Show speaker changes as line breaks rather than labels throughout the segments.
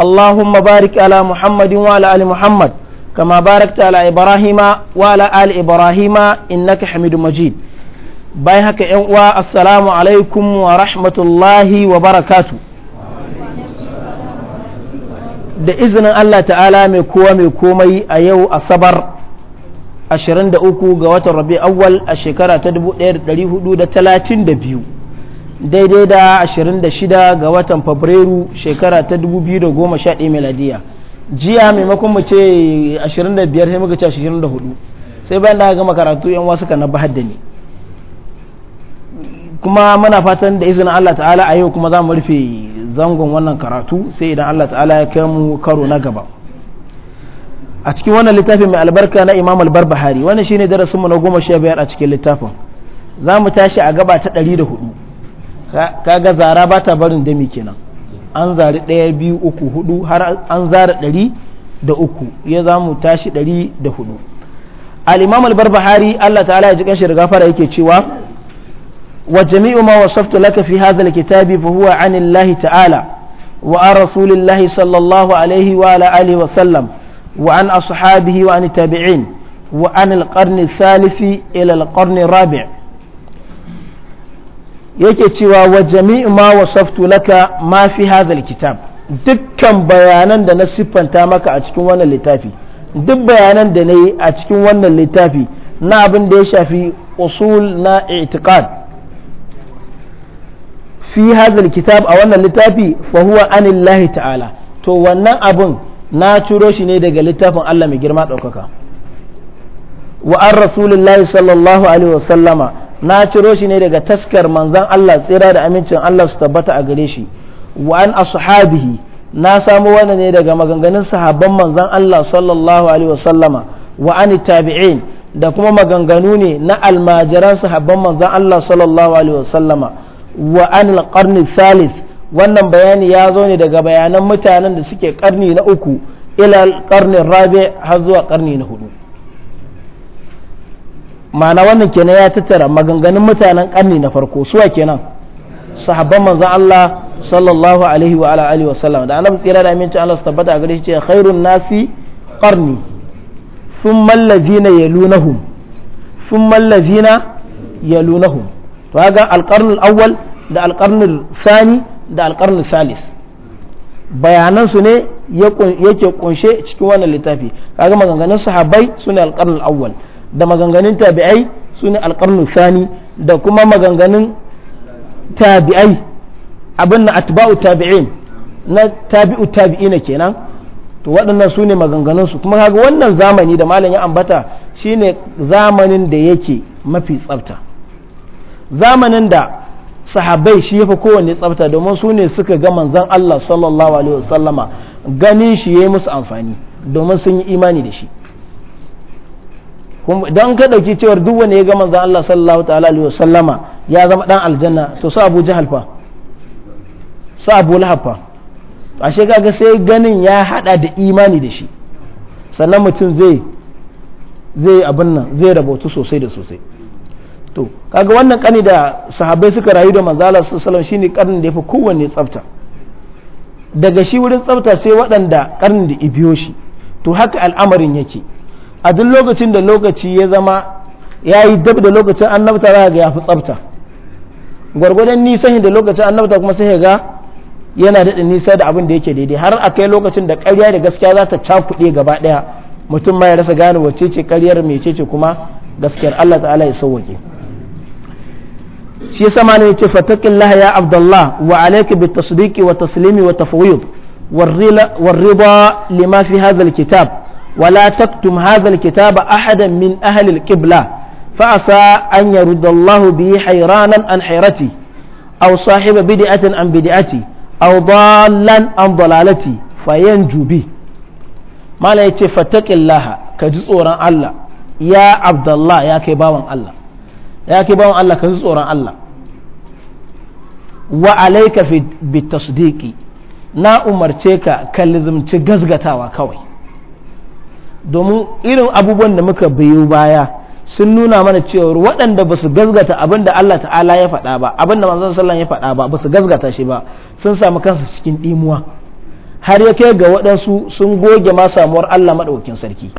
اللهم بارك على محمد وعلى آل محمد كما باركت على إبراهيم وعلى آل إبراهيم إنك حميد مجيد باي هكا إنوا السلام عليكم ورحمة الله وبركاته da izinin Allah ta'ala mai kowa mai komai a yau asabar 23 ga watan rabi awwal a shekara ta 1432 daidai da 26 ga watan fabrairu shekara ta 2011 meladiya jiya maimakon mu ce 25 sai muka ce 24 sai bayan da gama karatu yan wasu kana na bahad da ni kuma muna fatan da izinin Allah ta'ala a yau kuma za mu rufe zangon wannan karatu sai idan Allah ta'ala ya kai mu karo na gaba a cikin wannan littafin mai albarka na imam albarbahari wannan shine darasinmu na goma sha biyar a cikin littafin za mu tashi a gaba ta hudu. kaga zara ba ta barin dami kenan an zari ɗaya biyu uku hudu har an zara ɗari da uku ya za mu tashi ɗari da hudu al-imam al-barbahari Allah ta'ala ya ji kanshi da gafara yake cewa wa jami'u ma wasaftu laka fi hadha al-kitabi fa huwa an Allah ta'ala wa an rasulillah sallallahu alaihi wa ala alihi wa sallam wa an ashabihi wa an tabi'in wa an al-qarn al-thalith ila al-qarn rabi' yake cewa wa jami'u ma wasaftu laka ma fi hadhal kitab dukkan bayanan da na siffanta maka a cikin wannan littafi duk bayanan da nayi a cikin wannan littafi na abin da ya shafi usul na i'tiqad fi hadhal kitab a wannan littafi fa huwa anillahi ta'ala to wannan abun na turo shi ne daga littafin Allah mai girma ɗaukaka wa an rasulullahi sallallahu alaihi wasallama na ciro shi ne daga taskar manzan Allah tsira da amincin Allah su tabbata a gare shi wa an ashabihi na samu wannan ne daga maganganun sahabban manzan Allah sallallahu alaihi wasallama wa an tabi'in da kuma maganganu ne na almajiran sahabban manzan Allah sallallahu alaihi wasallama wa an alqarni wannan bayani ya zo ne daga bayanan mutanen da suke karni na uku ila alqarni rabi har zuwa karni na hudu ma'ana wannan kenan ya tattara maganganun mutanen karni na farko suwa kenan sahabban manzon Allah sallallahu alaihi wa alihi wa sallam da annabi tsira da aminci Allah su tabbata a gare shi ce khairun nasi qarni thumma allazina yalunahum thumma allazina yalunahum to kaga alqarn al-awwal da alqarn al da alqarn salis bayanan su ne yake kunshe cikin wannan littafi kaga maganganun sahabbai sune alqarn al-awwal da maganganun tabi'ai su ne alƙarnin sani da kuma maganganun tabi'ai abin na atba'u tabi'in na tabi'u tabi'ina kenan to waɗannan su ne maganganunsu kuma kaga wannan zamani da malam ya ambata ne zamanin da yake mafi tsafta zamanin da sahabai shi ya fi kowanne tsafta domin su ne suka ga manzan Allah sallallahu alaihi wasallama ganin shi ya yi musu amfani domin sun yi imani da shi don ka ɗauki cewar duk wanda ya ga manzon Allah sallallahu ta'ala alaihi wasallama ya zama dan aljanna to su Abu Jahal fa su Abu Lahab fa ashe kaga sai ganin ya hada da imani da shi sannan mutum zai zai abin nan zai rabautu sosai da sosai to kaga wannan kani da sahabbai suka rayu da manzo Allah sallallahu alaihi shine karnin da yafi kowanne tsafta daga shi wurin tsafta sai waɗanda karnin da ibiyo shi to haka al'amarin yake a duk lokacin da lokaci ya zama ya yi dab da lokacin annabta za ga ya fi tsafta gwargwadon nisan da lokacin annabta kuma sai ga yana daɗa nisa da abin da yake daidai har a kai lokacin da ƙarya da gaskiya za ta cakuɗe gaba ɗaya mutum ma ya rasa gane wacce ce ƙaryar mece ce kuma gaskiyar Allah ta'ala ya sauwake shi yasa malam yace fatakillah ya abdullah wa alayka tasdiki wa taslimi wa tafwid warriba لما في هذا kitab. ولا تكتم هذا الكتاب أحدا من أهل القبلة فعسى أن يرد الله به حيرانا عن حيرتي أو صاحب بدعة عن بدعتي أو ضالا عن ضلالتي فينجو به ما لا يتي فتك الله كجزء الله يا عبد الله يا كباوان الله يا كباوان الله كجزء الله وعليك في بالتصديق na umarce ka ka lizumci gazgatawa kawai domin irin abubuwan da muka biyo baya sun nuna mana cewa waɗanda ba su gazgata abin da Allah ta'ala ya faɗa ba abin da manzon sallan ya faɗa ba ba su gazgata shi ba sun samu kansu cikin ɗimuwa har ya kai ga waɗansu sun goge ma samuwar Allah maɗaukin sarki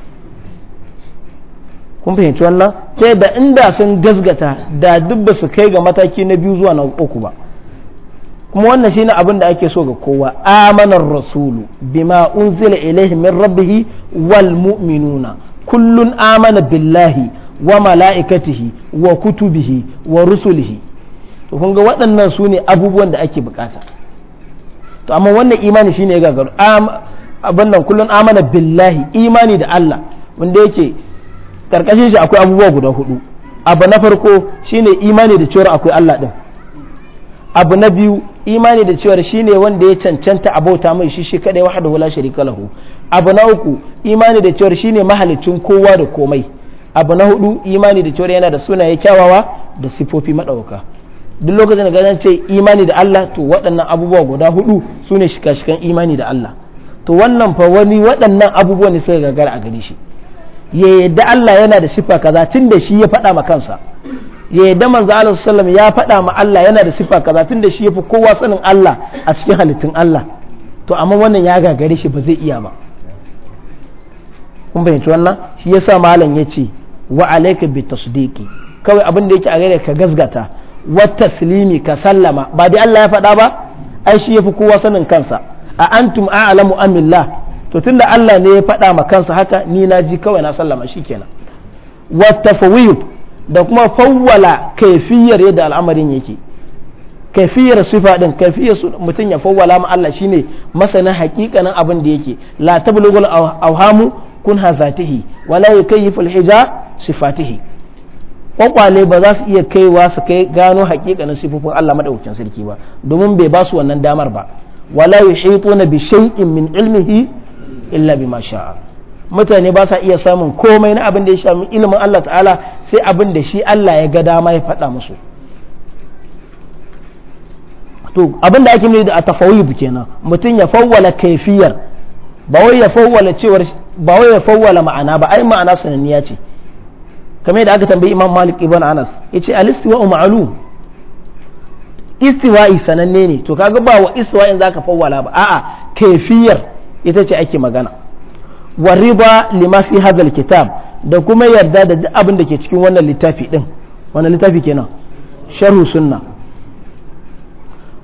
kun fahimci wannan ta da inda sun gazgata da duk ba su kai ga mataki na biyu zuwa na uku ba kuma wannan shine abin da ake so ga kowa amanar rasulu bima unzila ilaihi min rabbih wal mu'minuna kullun amana billahi wa mala'ikatihi wa kutubihi wa rusulihi to kun ga waɗannan su ne abubuwan da ake bukata to amma wannan imani shine ya gagaru abin nan kullun amana billahi imani da Allah wanda yake karkashin shi akwai abubuwa guda hudu abu na farko shine imani da cewa akwai Allah din abu na biyu imani da cewar shi ne wanda ya cancanta abota mai shi shi kadai wahada hula sharika lahu abu na uku imani da cewar shi ne mahalicin kowa da komai abu na hudu imani da cewar yana da sunaye kyawawa da sifofi madauka duk lokacin da ga ce imani da Allah to waɗannan abubuwa guda hudu su ne shika-shikan imani da Allah to wannan fa wani waɗannan abubuwan ne suka gagara a gare shi ya yadda Allah yana da sifa kaza tun da shi ya faɗa ma kansa ya yadda manzo Allah sallam ya faɗa ma Allah yana da sifa kaza tunda shi yafi kowa sanin Allah a cikin halittun Allah to amma wannan ya gagare shi ba zai iya ba kun fahimci wannan shi yasa malam yace wa alayka bi tasdiqi kawai abin da yake a gare ka gasgata wa taslimi ka sallama ba dai Allah ya faɗa ba ai shi yafi kowa sanin kansa a antum a'lamu amillah to tunda Allah ne ya faɗa ma kansa haka ni na ji kawai na sallama shikenan wa tafawiyub da kuma fawwala kaifiyar yadda al'amarin yake kaifiyar sifa din kaifiyar mutum ya fawwala ma Allah shine masanin hakikanin abin da yake la tablughul awhamu kun hazatihi wala yukayyifu hija sifatihi kwakwale ba za su iya kaiwa su kai gano hakikanin sifofin Allah madaukakin sarki ba domin bai ba su wannan damar ba wala yuhituna bi shay'in min ilmihi illa bima masha'a. mutane ba sa iya samun komai na abin da ya shafi ilimin Allah ta'ala sai abin da shi Allah ya ga dama ya faɗa musu to abin da ake nuna da tafawid kenan mutum ya fawwala kaifiyar ba wai ya fawwala cewar ba wai ya fawwala ma'ana ba ai ma'ana sananniya ce kamar yadda aka tambayi Imam Malik ibn Anas yace al-istiwa ma'lum istiwa'i sananne ne to kaga ba wa istiwa'in zaka fawwala ba a'a kaifiyar ita ce ake magana Warriba limafi hadal kitab da kuma yarda da abin da ke cikin wannan littafi din wannan littafi kenan sharhu sunna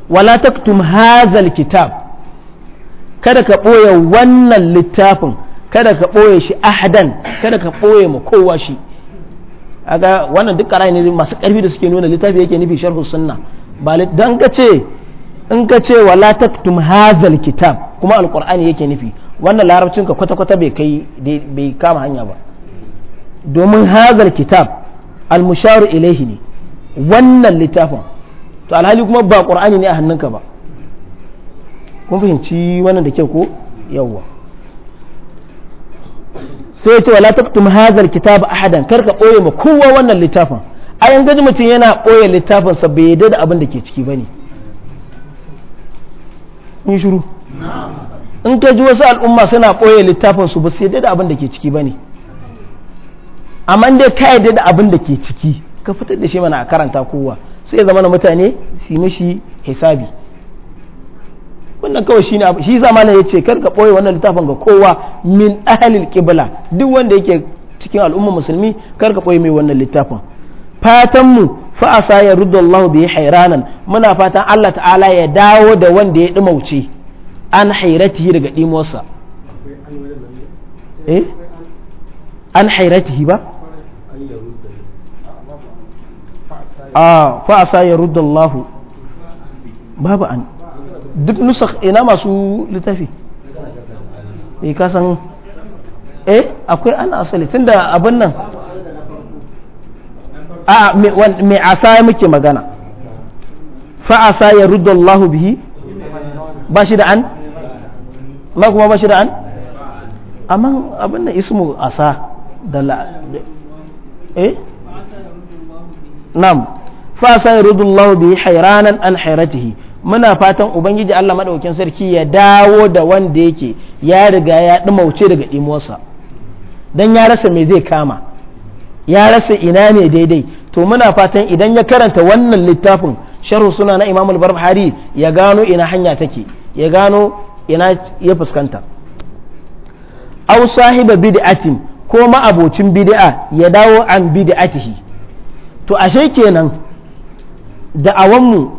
wala taktum hadal kitab kada ka ɓoye wannan littafin kada ka ɓoye shi ahadan kada ka ɓoye mu kowa shi aga wannan duk ƙarayi ne masu ƙarfi da suke nuna littafi yake nufi sharhu sunna ba dan ka ce in ka ce wala taktum hadal kitab kuma alqur'ani yake nufi wannan larabcin ka kwata-kwata bai kai bai kama hanya ba domin hazal kitab al-musharu ilaihi ne wannan littafin to alhali kuma ba qur'ani ne a hannunka ba kun fahimci wannan da kyau ko yawwa sai ya ce wala taqtum hadha kitab ahadan kar ka boye ma kowa wannan littafin ai an gaji mutum yana boye littafin sa bai yadda da abin da ke ciki bane in shiru in ka ji wasu al'umma suna ɓoye littafin su ba su yadda da abin da ke ciki ba ne amma dai ka yadda da abin da ke ciki ka fitar da shi mana a karanta kowa sai ya zama na mutane su yi mishi hisabi wannan kawai shi ne shi zamanin ya ce kar ka ɓoye wannan littafin ga kowa min ahalil kibla duk wanda yake cikin al'umma musulmi kar ka ɓoye mai wannan littafin fatanmu fa asa ya rudda Allah bi hairanan muna fatan Allah ta'ala ya dawo da wanda ya ɗumauce an hairatihi daga ɗimosa eh an hairatihi ba a fa'asa ya rudda Allah babu an duk nusa ina masu littafi eh kasan eh akwai an asali tunda abin nan a mai asa muke magana fa'asa ya rudda Allah bihi ba shi da an la kuma ba shi da an amma abin da ismu asa da la eh nam fa sai rudullahu bi hayranan an hayratihi muna fatan ubangiji Allah madaukin sarki ya dawo da wanda yake ya riga ya dumauce daga imosa dan ya rasa me zai kama ya rasa ina ne daidai to muna fatan idan ya karanta wannan littafin sharhu suna na imamul barbahari ya gano ina hanya take ya gano ina ya fuskanta aw sahiba bid'atin ko ma'abocin bid'a ya dawo an bid'atihi to ashe kenan da'awanmu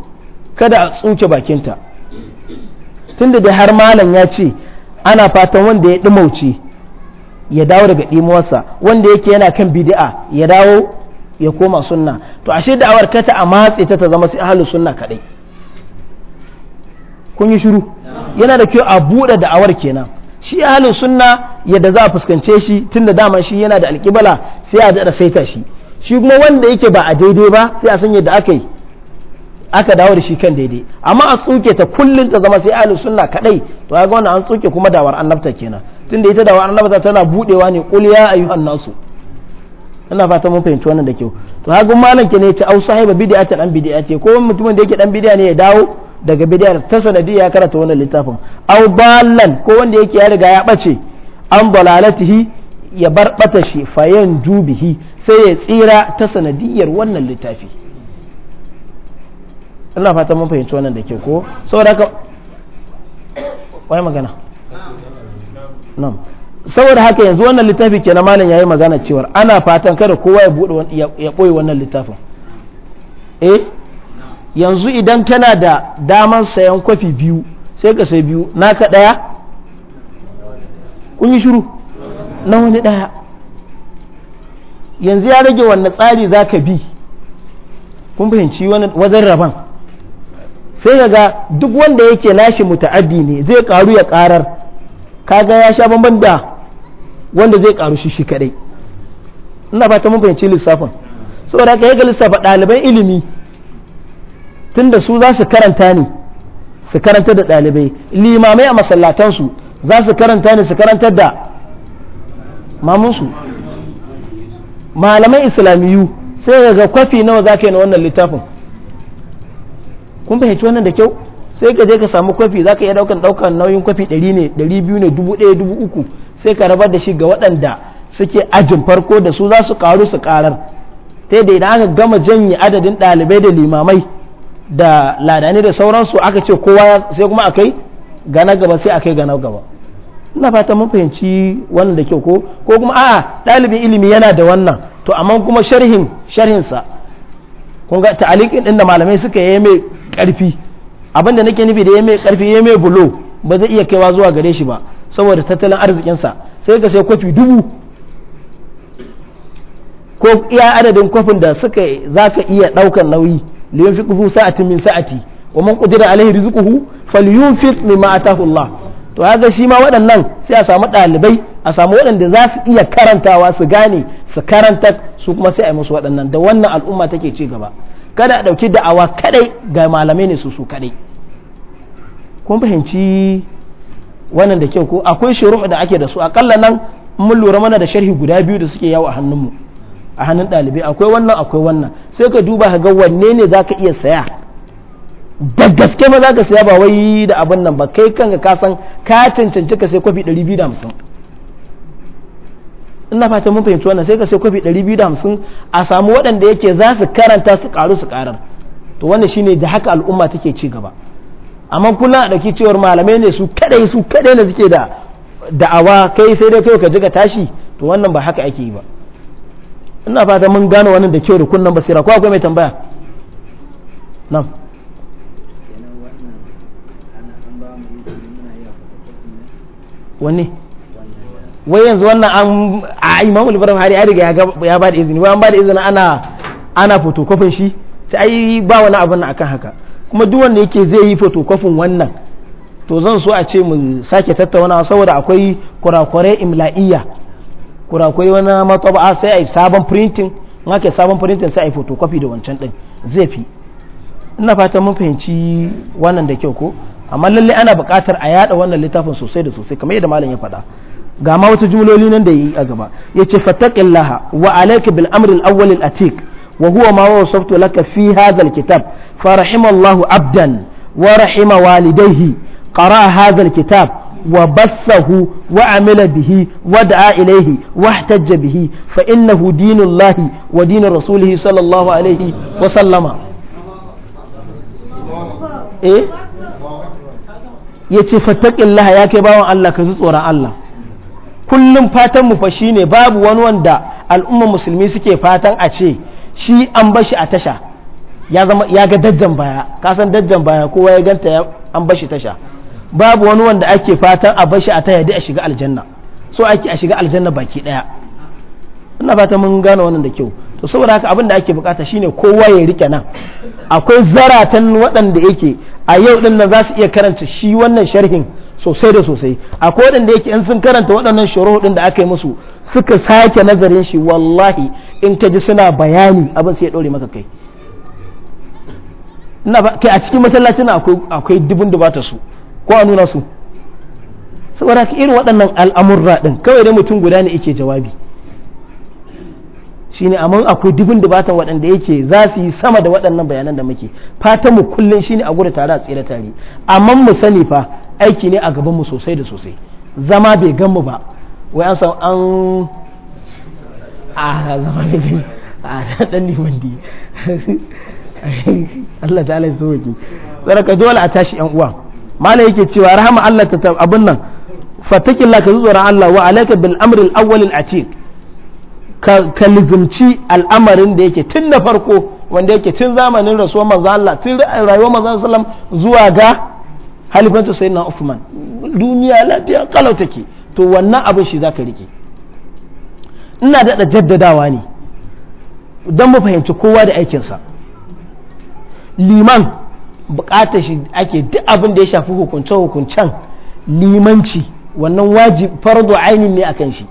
kada a tsuke bakinta tunda da har malam ya ce ana fatan wanda ya dumauce ya dawo daga ɗimuwarsa wanda yake yana kan bid'a ya dawo ya koma sunna to ashe da'awar kata ta a matse ta ta zama sai ahlus sunna kadai kun yi shiru yana da kyau a buɗe da'awar kenan shi ahalin sunna yadda za a fuskance shi tun da dama shi yana da alƙibala sai a daɗa saita shi shi kuma wanda yake ba a daidai ba sai a san yadda aka yi aka dawo da shi kan daidai amma a tsuke ta kullum ta zama sai ahlus sunna kadai to ga wannan an tsuke kuma dawar annabta kenan tunda ita dawar annabta tana budewa ne qul ya ayyuhan nasu ina fata mun fahimci wannan da kyau to hagun malam ke ne ya ce au sahiba bid'atan an bid'ati ko mutumin da yake dan bid'a ne ya dawo daga bidiyar ta sanadi ya karanta wannan littafin aw ballan ko wanda yake ya riga ya bace an dalalatihi ya bar bata shi fayan jubihi sai ya tsira ta sanadiyar wannan littafi ina fata mun fahimci wannan da ke ko saboda ka wai magana na'am saboda haka yanzu wannan littafi na malam yayi magana cewa ana fatan kada kowa ya bude ya koyi wannan littafin eh yanzu idan kana da daman sayan kwafi biyu sai ka sai biyu naka ɗaya kun yi shiru na wani ɗaya yanzu ya rage wanne tsari za ka bi kun fahimci wajen rabon sai ga duk wanda yake nashi muta'addi ne zai karu ya karar kaga ya sha bamban da wanda zai karu shi shi kadai ina fata mun fahimci lissafin saboda kai ga lissafa ɗaliban ilimi tunda su za su karanta ne su karanta da ɗalibai limamai a masallatansu za su karanta ne su karanta da mamunsu malamai islamiyu sai ga kwafi nawa za ka yi na wannan littafin kun fahimci wannan da kyau sai ka je ka samu kwafi za ka iya daukan daukan nauyin kwafi 100 ne 200 ne 1000 uku sai ka rabar da shi ga waɗanda suke ajin farko da su za su karu su karar ta yadda idan aka gama janye adadin ɗalibai da limamai da ladani da sauransu aka ce kowa sai kuma akai gana gaba sai akai gana gaba ina fata mun fahimci wannan da kyau ko ko kuma a'a ɗalibin ilimi yana da wannan to amma kuma sharhin sharhinsa kun ga ta'aliqin din da malamai suka yi mai karfi abin da nake nufi da ya mai karfi ya mai bulo ba zai iya kaiwa zuwa gare shi ba saboda tattalin arzikinsa sai ka sai kwafi dubu ko iya adadin kwafin da suka za ka iya ɗaukar nauyi لينفقه ساعة sa'atin min sa'ati wa عليه رزقه فلينفق مما آتاه الله to haka shi ma waɗannan sai a samu ɗalibai a samu waɗanda za su iya karantawa su gane su karanta su kuma sai a yi musu waɗannan da wannan al'umma take ci gaba kada a ɗauki da'awa kadai ga malamai ne su su kadai kun fahimci wannan da kyau ko akwai shuruhu da ake da su akalla nan mun lura mana da sharhi guda biyu da suke yawo a hannunmu a hannun ɗalibai akwai wannan akwai wannan sai ka duba ka ga wanne ne za ka iya saya da gaske ma za ka saya ba wai da abin nan ba kai kanka ka san ka cancanci ka sai kwafi 250 ina fata mun fahimci wannan sai ka sai kwafi 250 a samu waɗanda yake za su karanta su karu su karar to wannan shine da haka al'umma take ci gaba amma kula a ɗauki cewar malamai ne su kadai su kadai ne suke da da'awa kai sai dai kai ka ji ka tashi to wannan ba haka ake yi ba ina fata mun gane wannan da kyau da kunnan basira ko akwai mai tambaya nam wani wai yanzu wannan an a imamu libaran hari ya riga ya ba da izini wai an ba da izini ana ana fotokofin shi sai ai ba wani abin nan akan haka kuma duk wanda yake zai yi fotokofin wannan to zan so a ce mu sake tattaunawa saboda akwai kurakurai imla'iyya kurakurai wani mataba sai a yi sabon printing in ake sabon printing sai a yi photocopy da wancan din zai fi ina fatan mun fahimci wannan da kyau ko amma lalle ana buƙatar a yada wannan littafin sosai da sosai kamar yadda malam ya faɗa ga ma wata jumloli nan da yi a gaba yace fattaqillaha wa alayka bil amri al awwal al atiq wa huwa ma wasaftu laka fi hadha al kitab fa rahimallahu abdan wa rahima walidayhi qara hadha al kitab وبثه وعمل به ودعا إليه واحتج به فإنه دين الله ودين رسوله صلى الله عليه وسلم إيه yace fattakin Allah ya kai bawan Allah ka tsoron Allah kullum fatan mu fa shine babu wani wanda al'umma musulmi suke fatan a ce shi an bashi a tasha ya zama ya ga dajjan baya kasan dajjan baya kowa ya ganta an bashi tasha babu wani wanda ake fatan a bashi a ta yadda a shiga aljanna so ake a shiga aljanna baki daya ina fata mun gane wannan da kyau to saboda haka abin da ake bukata shine kowa ya rike nan akwai zaratan waɗanda yake a yau din nan za su iya karanta shi wannan sharhin sosai da sosai akwai waɗanda yake in sun karanta waɗannan shuruɗin da aka yi musu suka sake nazarin shi wallahi in ka ji suna bayani abin sai ya ɗore maka kai ina kai a cikin masallacin akwai akwai dubun da bata su ko a nuna su saboda ka irin waɗannan al'amurra ɗin kawai da mutum guda ne yake jawabi shine amma akwai dubin dubatan waɗanda yake za su yi sama da waɗannan bayanan da muke fatan mu kullun shine a gudu tare a tsere tare amma mu sani fa aiki ne a gaban mu sosai da sosai zama bai gan mu ba wai an san an a zama bai gan a dan ne Allah ta'ala ya so ki dole a tashi yan uwa malai yake cewa rahama Allah ta abun nan fatakilla ka tsoron Allah wa alaika bil amril awwalil atiq ka lizumci al'amarin da yake tun da farko wanda yake tun zamanin rasuwar manzo Allah tun rayuwar manzo sallam zuwa ga halifanta sayyidina Uthman duniya lafiya kalau take to wannan abin shi zaka rike ina daɗa jaddadawa ne dan mu fahimci kowa da aikinsa liman Bukata shi ake duk abin da ya shafi hukunce hukuncen limanci wannan wajib fardu aini ne akan shi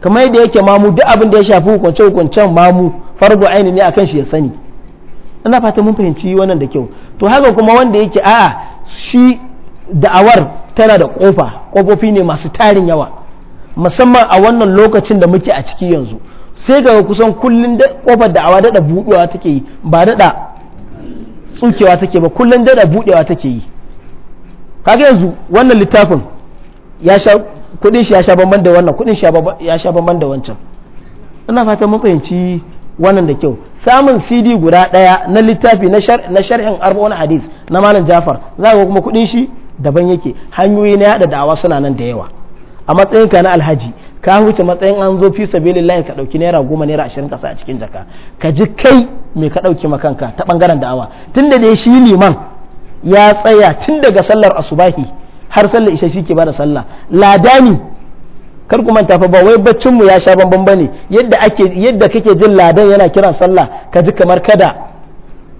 kamar yadda yake mamu duk abin da ya shafi hukunce hukuncen mamu fardu aini ne akan shi ya sani ina fata mun fahimci wannan da kyau to haka kuma wanda yake a'a shi da'awar tana da kofa kofofi ne masu tarin yawa musamman a wannan lokacin da muke a ciki yanzu sai ga kusan kullun kofar da'awa daɗa buɗewa take yi ba daɗa tsukewa take ba kullum dada budewa take yi kaga yanzu wannan littafin ya sha kudin shi ya sha bamban da wannan kudin shi ya sha bamban da wancan ina fatan mun fahimci wannan da kyau samun CD guda daya na littafi na sharhin arba'un hadith na malam Jafar za ga kuma kudin shi daban yake hanyoyi na yada da'awa suna nan da yawa a matsayin ka na alhaji ka huce matsayin an zo fi sabilillah ka dauki naira goma naira ashirin kasa a cikin jaka ka ji kai Mai ka ɗauki makanka ta ɓangaren da'awa tun da dai shi liman ya tsaya tun daga sallar asubahi har sallar isa shi ke bada sallah ladani kar ku manta fa ba wai baccin mu ya sha bamban bane yadda ake yadda kake jin ladan yana kiran sallah ka ji kamar kada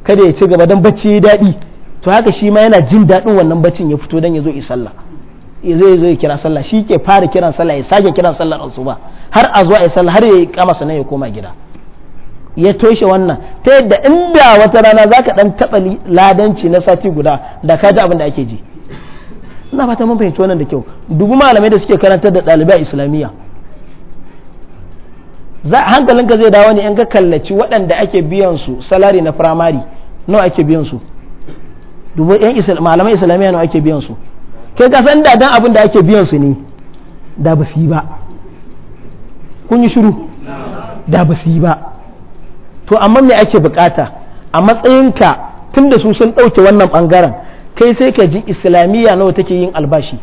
kada ya ci gaba dan bacci ya daɗi to haka shi ma yana jin daɗin wannan baccin ya fito dan ya zo ya kira sallah shi ke fara kiran sallah ya sake kiran sallar asuba har a zuwa ya sallah har ya kama sannan ya koma gida ya toshe wannan ta yadda inda wata rana za ka ɗan taɓa ladanci na sati guda da ka ji abin da ake ji ina fata mun fahimci wannan da kyau dubu malamai da suke karantar da ɗalibai islamiyya hankalinka zai dawo ne in ka kallaci waɗanda ake biyan su salari na firamare nawa ake biyan su dubu yan malamai islamiyya nawa ake biyan su kai ka san da dan abin da ake biyan su ne da ba su yi ba kun yi shiru da ba su yi ba to amma me ake bukata a matsayinka tun da su sun ɗauke wannan ɓangaren kai sai ka ji islamiyya nawa take yin albashi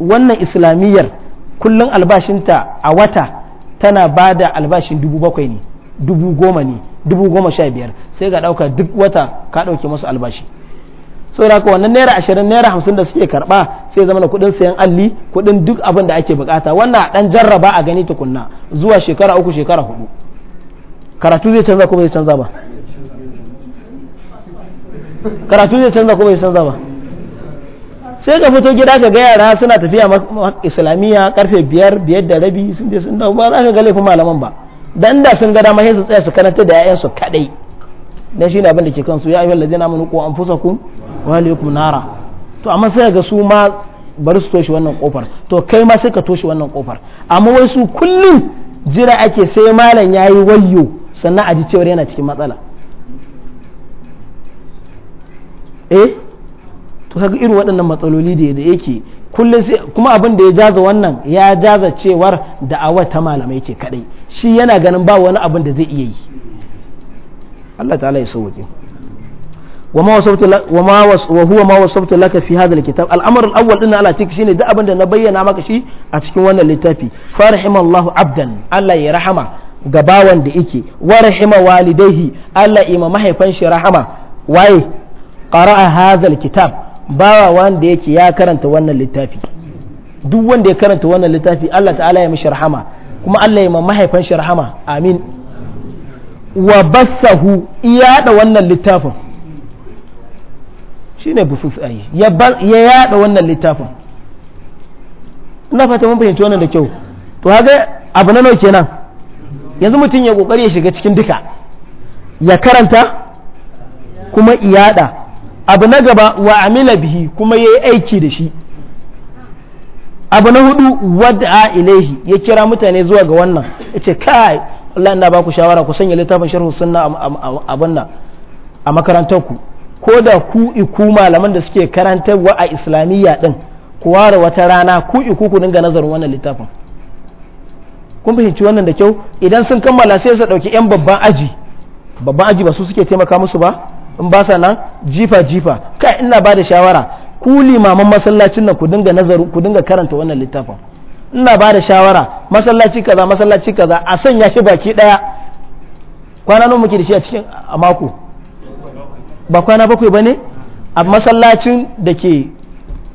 wannan islamiyyar kullum albashinta a wata tana ba da albashin dubu bakwai ne dubu goma ne dubu goma sha biyar sai ka ɗauka duk wata ka ɗauke masu albashi saboda ka wannan naira ashirin naira hamsin da suke karɓa sai zama na kuɗin sayan alli kuɗin duk abin da ake bukata wannan ɗan jarraba a gani tukunna zuwa shekara uku shekara hudu karatu zai canza ko bai canza ba karatu zai canza ko bai canza ba sai ka fito gida ka ga yara suna tafiya islamiyya karfe biyar biyar da rabi sun je sun dawo ba za ka ga laifin malaman ba dan da sun ga dama sai su tsaya su karanta da ƴaƴan su kadai dan shine abin da ke kansu ya ayyuhal ladina amanu qu anfusakum wa ahlikum nara to amma sai ga su ma bari su toshe wannan kofar to kai ma sai ka toshe wannan kofar amma wai su kullum jira ake sai malam yayi wayyo sannan a ji cewar yana cikin matsala eh to kaga irin waɗannan matsaloli da yake kullum sai kuma abin da ya jaza wannan ya jaza cewar da'awa ta malamai ce kadai shi yana ganin ba wani abin da zai iya yi Allah ta'ala ya sauke wa ma huwa ma laka fi hadha alkitab al al-awwal din Allah shine duk abin da na bayyana maka shi a cikin wannan littafi farahimallahu abdan Allah ya rahama ga bawan da yake wa rahima walidaihi Allah ima mahaifan shi rahama waye qara'a hadhal kitab bawa wanda yake ya karanta wannan littafi duk wanda ya karanta wannan littafi Allah ta'ala ya mishi rahama kuma Allah ya mahaifan shi rahama amin wa bassahu yada wannan littafin shine bufuf ayi ya yada wannan littafin ina fata mun fahimci wannan da kyau to haka abu na nawa kenan yanzu mutum ya kokari ya shiga cikin duka ya karanta kuma iyada abu na gaba wa amila bihi kuma ya yi aiki da shi abu na hudu wad'a ilaihi ya kira mutane zuwa ga wannan ya ce kai Allah ina ba ku shawara ku sanya littafin sharhu sunna abin nan a makarantar ko da ku iku malaman da suke karantarwa a islamiyya din ku ware wata rana ku iku ku dinga nazarin wannan littafin kun fahimci wannan da kyau idan sun kammala sai su dauki yan babban aji babban aji ba su suke taimaka musu ba in ba sa nan jifa jifa kai ina ba da shawara ku limaman masallacin nan ku dinga nazaru ku dinga karanta wannan littafin ina ba da shawara masallaci kaza masallaci kaza a sanya shi baki daya kwana nan muke da shi a cikin a mako ba kwana bakwai bane a masallacin da ke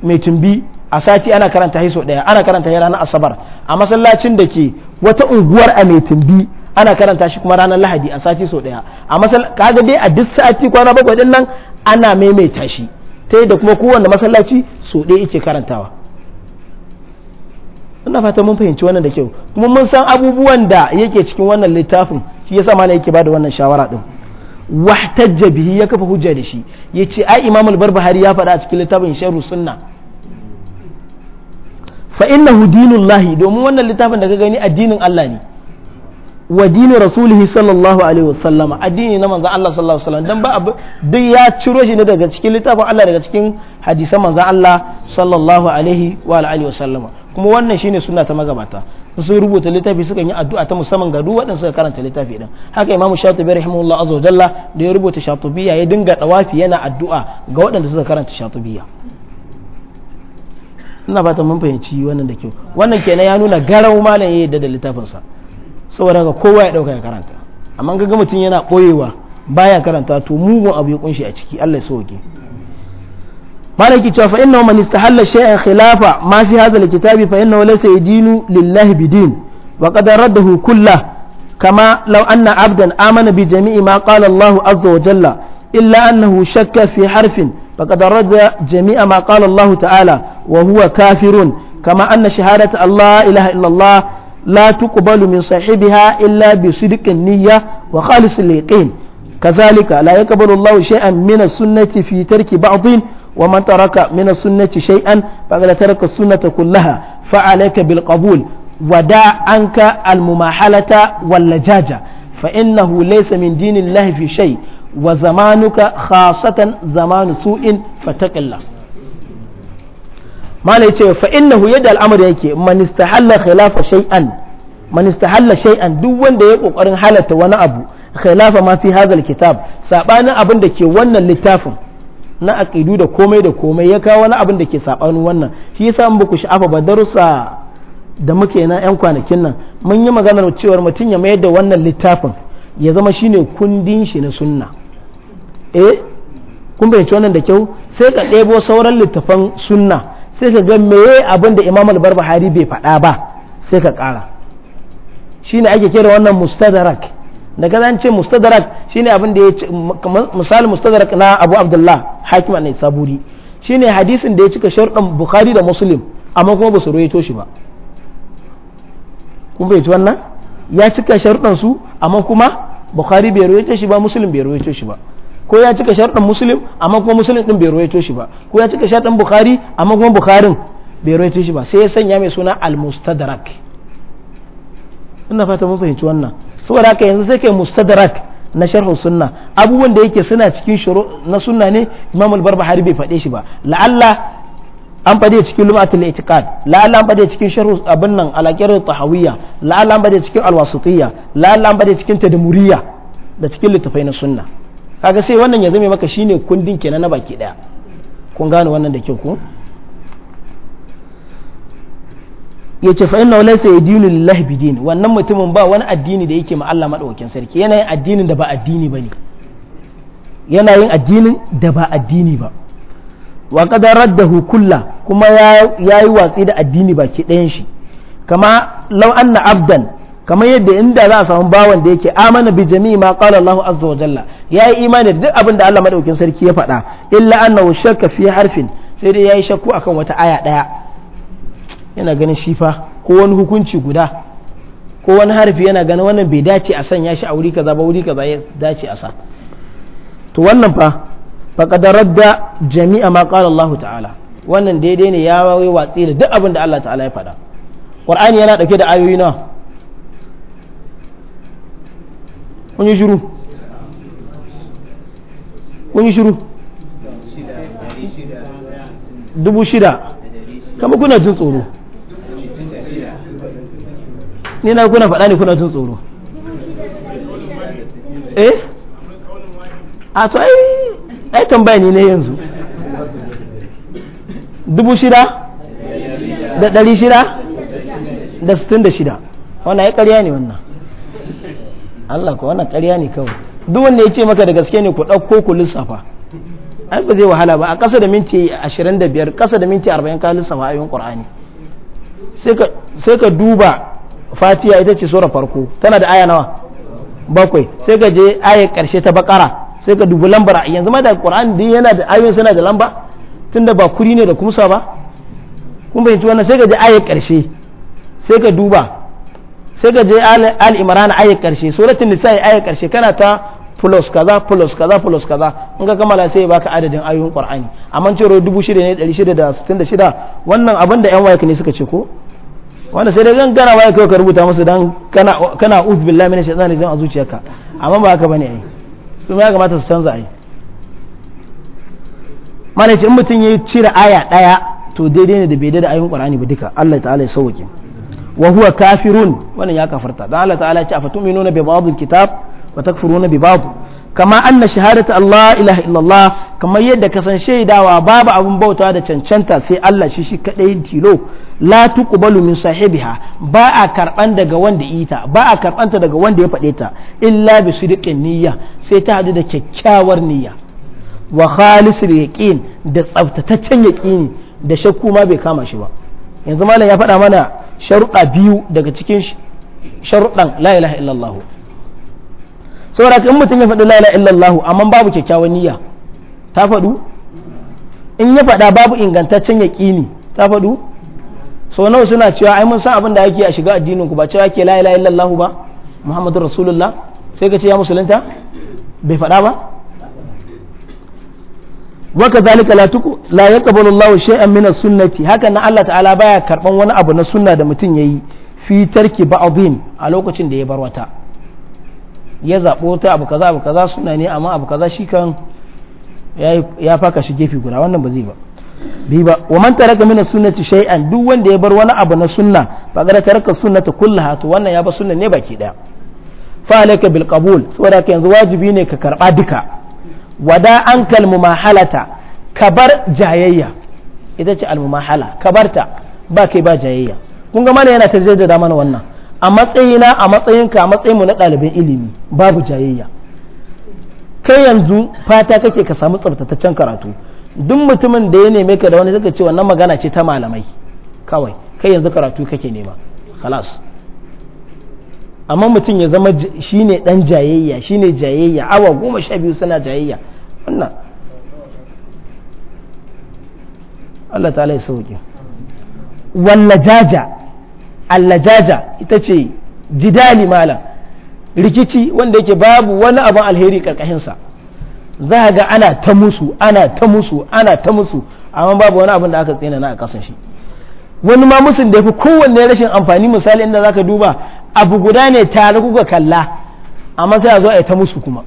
mai tumbi a sati ana karanta hiso daya ana karanta hi ranar asabar a masallacin da ke wata unguwar a mai ana karanta shi kuma ranar lahadi a sati sau daya a masal kaga dai a duk sati kwana bakwai din nan ana maimaita shi ta da kuma kowanne masallaci sau daya yake karantawa ina fata mun fahimci wannan da kyau kuma mun san abubuwan da yake cikin wannan littafin shi yasa mana yake bada wannan shawara din wahtajja bihi ya kafa hujja da shi yace ai imamul barbahari ya faɗa a cikin littafin sharh sunna fa innahu dinullahi domin wannan littafin da ka gani addinin Allah ne wa dinin rasulihi sallallahu alaihi addini na manzon Allah sallallahu alaihi dan ba abu duk ya ciro shi ne daga cikin littafin Allah daga cikin hadisan manzon Allah sallallahu alaihi wa alihi kuma wannan shine sunna ta magabata sun rubuta littafi sukan yi addu'a ta musamman ga duk waɗanda suka karanta littafi din haka imamu shatibi rahimahullah azza wa jalla da ya rubuta shatibiyya ya dinga dawafi yana addu'a ga waɗanda suka karanta shatibiyya ina ba ta mun fahimci wannan da kyau wannan kenan ya nuna garau malam ya yadda da littafinsa saboda ga kowa ya dauka ya karanta amma ga mutum yana boyewa baya karanta to mugun abu ya kunshi a ciki Allah ya sauke malaki cewa fa innahu man istahalla shay'an khilafa ma fi hadha alkitabi fa innahu laysa yadinu lillahi bidin wa qad raddahu kullah kama law anna abdan amana bi jami'i ma qala allahu azza wa jalla illa annahu shakka fi harfin فقد رد جميع ما قال الله تعالى وهو كافر كما أن شهادة الله إله إلا الله لا تقبل من صاحبها إلا بصدق النية وخالص اليقين كذلك لا يقبل الله شيئا من السنة في ترك بعض ومن ترك من السنة شيئا فقد ترك السنة كلها فعليك بالقبول ودع عنك المماحلة واللجاجة فإنه ليس من دين الله في شيء wa zamanuka khasatan zamanu su'in fataqilla mala yace fa innahu yadda al'amari yake man istahalla khilafa shay'an man istahalla shay'an duk wanda ya kokarin halatta wani abu khilafa ma fi hadha kitab sabanin abin da ke wannan littafin na aqidu da komai da komai ya kawo wani abin da ke sabanin wannan shi yasa mun buku sha'afa ba darussa da muke na yan kwanakin nan mun yi maganar cewa mutum ya mayar da wannan littafin ya zama shine kundin shi na sunna eh kun bayyance wannan da kyau sai ka ɗebo sauran littafan sunna sai ka ga meye abin da imam al-barbahari bai faɗa ba sai ka ƙara shine ake kira wannan mustadrak da ga an ce mustadrak shine abin da ya ce misali mustadrak na abu abdullah hakim an saburi shine hadisin da ya cika sharuɗan bukhari da muslim amma kuma ba su roye shi ba kun bai wannan ya cika sharuɗan su amma kuma bukhari bai roye shi ba muslim bai roye shi ba ko ya cika sharɗin muslim amma kuma muslim ɗin bai ruwaito shi ba ko ya cika sharɗin bukhari amma kuma bukharin bai ruwaito shi ba sai ya sanya mai suna al-mustadrak ina fata mun fahimci wannan saboda haka yanzu sai kai mustadrak na sharhu sunna abubuwan da yake suna cikin shuru na sunna ne imam al-barbahari bai faɗe shi ba la'alla an faɗe cikin lumatul itiqad la'alla an faɗe cikin sharhu abin nan alaƙirar tahawiyya la'alla an faɗe cikin alwasitiyya la'alla an faɗe cikin tadmuriyya da cikin littafai na sunna kaga sai wannan ya zame maka shine kundin kenan na baki daya kun gane wannan da kyau ko ya ce fa'in naulai sai lillahi bidin wannan mutumin ba wani addini da yake ma Allah maɗaukakin sarki yana yin addinin da ba addini ba ne yana yin addinin da ba addini ba wa qadarar da kuma ya yi watsi da addini baki ɗayan shi kama lau'an anna abdan kamar yadda inda za a samu bawan da yake amana bi jami'i ma qala Allah azza wa jalla yayi imani duk abin da Allah madaukin sarki ya faɗa illa annahu shakka fi harfin sai dai yayi shakku akan wata aya daya yana ganin shifa ko wani hukunci guda ko wani harfi yana ganin wannan bai dace a sanya shi a wuri kaza ba wuri kaza ya dace a sa to wannan fa fa radda jami'a ma qala Allah ta'ala wannan daidai ne ya watsi da duk abin da Allah ta'ala ya faɗa Qur'ani yana dauke da ayoyi nawa onye yi shiru kun shiru dubu shida kama kuna jin tsoro ni na kuna faɗa ne kuna jin tsoro eh a to ai ai tambaya ne ne yanzu dubu shida da ɗari shida da sittin da shida wannan ya ƙarya ne wannan Allah ko wannan ƙarya ne kawai duk wanda ya ce maka da gaske ne ku ɗauko ku lissafa ai ba zai wahala ba a ƙasa da minti 25 ƙasa da minti 40 ka lissafa ayoyin Qur'ani sai ka sai ka duba Fatiha ita ce sura farko tana da aya nawa bakwai sai ka je ayar ƙarshe ta bakara sai ka dubi lambar yanzu ma da Qur'ani din yana da ayoyin suna da lamba tunda ba kuri ne da kumsa ba kun bayyanci wannan sai ka je ayar ƙarshe sai ka duba sai ga je al’imran ayyar ƙarshe suratun suratul nisa ƙarshe kana ta plus kaza plus kaza plus kaza in ka kammala sai ya baka adadin ayoyin qur'ani amma ciro 6666 wannan abin da yan wayek ne suka ce ko wanda sai dai gan gara wayek ka rubuta musu dan kana kana uz billahi minash shaitani dan a zuciyarka amma ba haka bane ai su ya kamata su canza ai mana ce in mutum ya cire aya daya to daidai ne da bai da ayoyin qur'ani ba duka Allah ta'ala ya sauke wa huwa kafirun wannan ya kafarta dan Allah ta'ala ya ce afatuminuna bi ba'd kitab wa takfuruna bi ba'd kama anna shahadatu Allah ilaha illallah kamar yadda ka san shaidawa babu abun bautawa da cancanta sai Allah shi shi kadai tilo la tuqbalu min sahibiha ba a karban daga wanda ita ba a karbanta daga wanda ya faɗe ta illa bi sidqin niyya sai ta hadu da kyakkyawar niyya wa khalisul yaqin da tsaftataccen yaqini da shakku ma bai kama shi ba yanzu malam ya faɗa mana sharuɗa biyu daga cikin sharuɗan la ilaha illallah saboda in mutum ya faɗi la ilaha amma babu kyakkyawan niyya ta faɗu in ya faɗa babu ingantaccen yaƙini ta faɗu so nawa suna cewa ai mun san abin da ake a shiga addinin ku ba cewa ake la ilaha illallah ba muhammadur rasulullah sai ka ce ya musulunta bai faɗa ba وكذلك لا تك لا يقبل الله شيئا من السنة هكذا الله تعالى بايا كربان وانا ابو السنة ده متين يي في ترك بعضين a lokacin da ya bar wata ya zabo ta abu kaza abu kaza sunna ne amma abu kaza shi kan ya faka shi gefe guda wannan ba zai ba bi ba wa man taraka min sunnati shay'an duk wanda ya bar wani abu na sunna fa ga taraka sunnata kullaha to wannan ya ba sunna ne baki daya fa alayka bil qabul saboda yanzu wajibi ne ka karba duka wada an kalmu ka bar jayayya ita ce almumahala ka barta ba kai ba jayayya kun ga mana yana ta jaddada mana wannan a matsayina a matsayinka a matsayinmu na ɗalibin ilimi babu jayayya kai yanzu fata kake ka samu tsabtataccen karatu duk mutumin da ya neme ka da wani zaka ce wannan magana ce ta malamai kawai kai yanzu karatu kake nema khalas amma mutum ya zama shine ɗan jayayya shine jayayya awa goma sha biyu suna jayayya wannan Allah ta'ala wallajaja allajaja ita ce jidali mala rikici wanda yake babu wani abin alheri sa za ga ana ta musu ana ta musu ana ta musu amma babu wani abin da aka tsina na a kasan shi wani ma musun da ya fi kowanne rashin amfani misali inda zaka duba abu guda ne tare kuka kalla amma sai a zo a yi ta musu kuma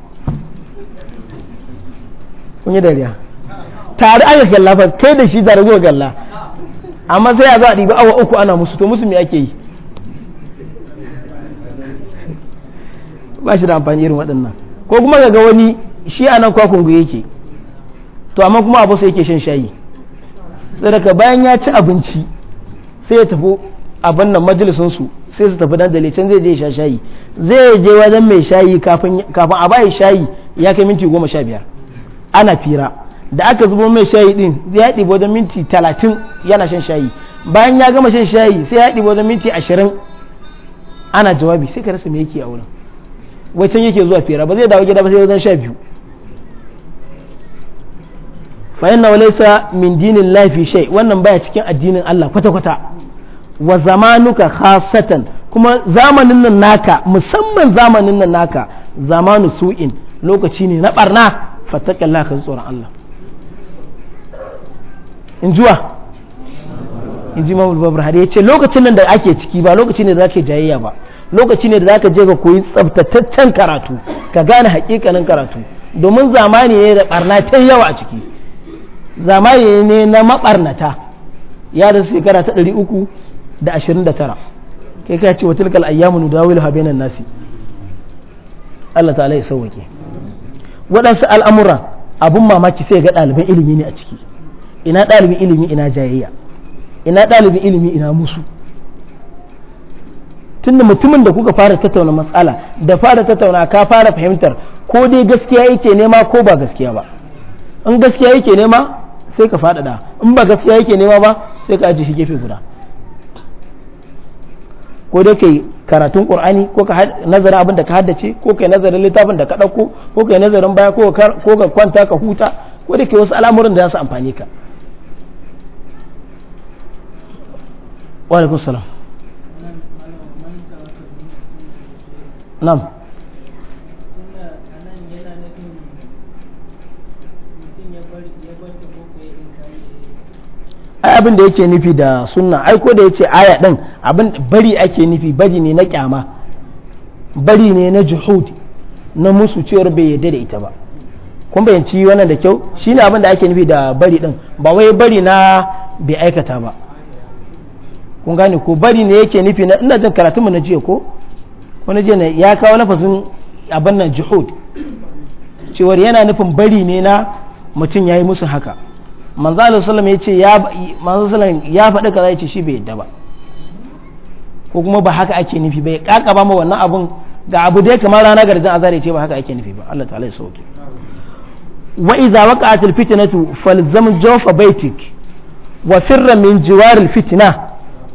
kun yi dariya tare ga kalla fa kai da shi zara zuwa kalla amma sai ya za a ɗiba awa uku ana musu to musu me ake yi ba shi da amfani irin waɗannan ko kuma ga wani shi a nan kwakwan guye yake to amma kuma abu sai yake shan shayi sadaka bayan ya ci abinci sai ya tafi abin nan majalisun su sai su tafi dandali can zai je sha shayi zai je wajen mai shayi kafin a bayi shayi ya kai minti goma sha biyar ana fira da aka zubo mai shayi din ya ɗibo wajen minti talatin yana shan shayi bayan ya gama shan shayi sai ya ɗibo wajen minti ashirin ana jawabi sai ka rasa me yake a wurin wacan yake zuwa fira ba zai dawo gida ba sai wajen sha biyu fa inna laysa min dinin lafi shay wannan baya cikin addinin Allah kwata kwata wa zamanuka khasatan kuma zamanin nan naka musamman zamanin nan naka zamanu su'in lokaci ne na barna fattakin lakan tsoron Allah in zuwa in ji mamul babar hada ya ce lokacin nan da ake ciki ba lokaci ne da zaka jayayya ba lokaci ne da zaka je ka koyi tsabtataccen karatu ka gane hakikanin karatu domin zamani ne da barna ta yawa a ciki zamani ne na mabarnata ya da shekara ta 329 kai ka ce wa tilkal ayyamu nudawil habainan nasi Allah ta'ala ya sauwake waɗansu al'amura abin mamaki sai ga ɗalibin ilimi ne a ciki ina ɗalibin ilimi ina jayayya ina ɗalibin ilimi ina musu tunda mutumin da kuka fara tattauna matsala da fara tattauna ka fara fahimtar ko dai gaskiya yake nema ko ba gaskiya ba in gaskiya yake nema sai ka faɗaɗa in ba gaskiya yake nema ba sai ka ajiye shi gefe guda ko dai kai karatun qur'ani ko ka nazarin abin da ka haddace ko kai nazarin littafin da ka ɗauko ko kai nazarin baya ko ka kwanta ka huta ko da ke wasu alamurin da za su amfani ka wa salam na'am ai abin da yake nufi da sunna ai ko da yace aya din abin bari ake nufi bari ne na kyama bari ne na juhud na musu cewar bai yarda da ita ba kun bayanci wannan da kyau shine abin da ake nufi da bari din ba wai bari na bai aikata ba kun gane ko bari ne yake nufi na ina jin karatun mu na jiya ko na jiya ya kawo lafazin abin nan juhud cewar yana nufin bari ne na mutum yayi musu haka manzo Allah sallam ya ce ya manzo sallam ya faɗi kaza ya shi bai yadda ba ko kuma ba haka ake nufi ba ya kakaba ma wannan abun ga abu dai kamar rana garjin azare ce ba haka ake nufi ba Allah ta'ala ya sauke wa idza waqa'at al-fitnatu falzam jawfa baitik wa firra min jiwar al-fitna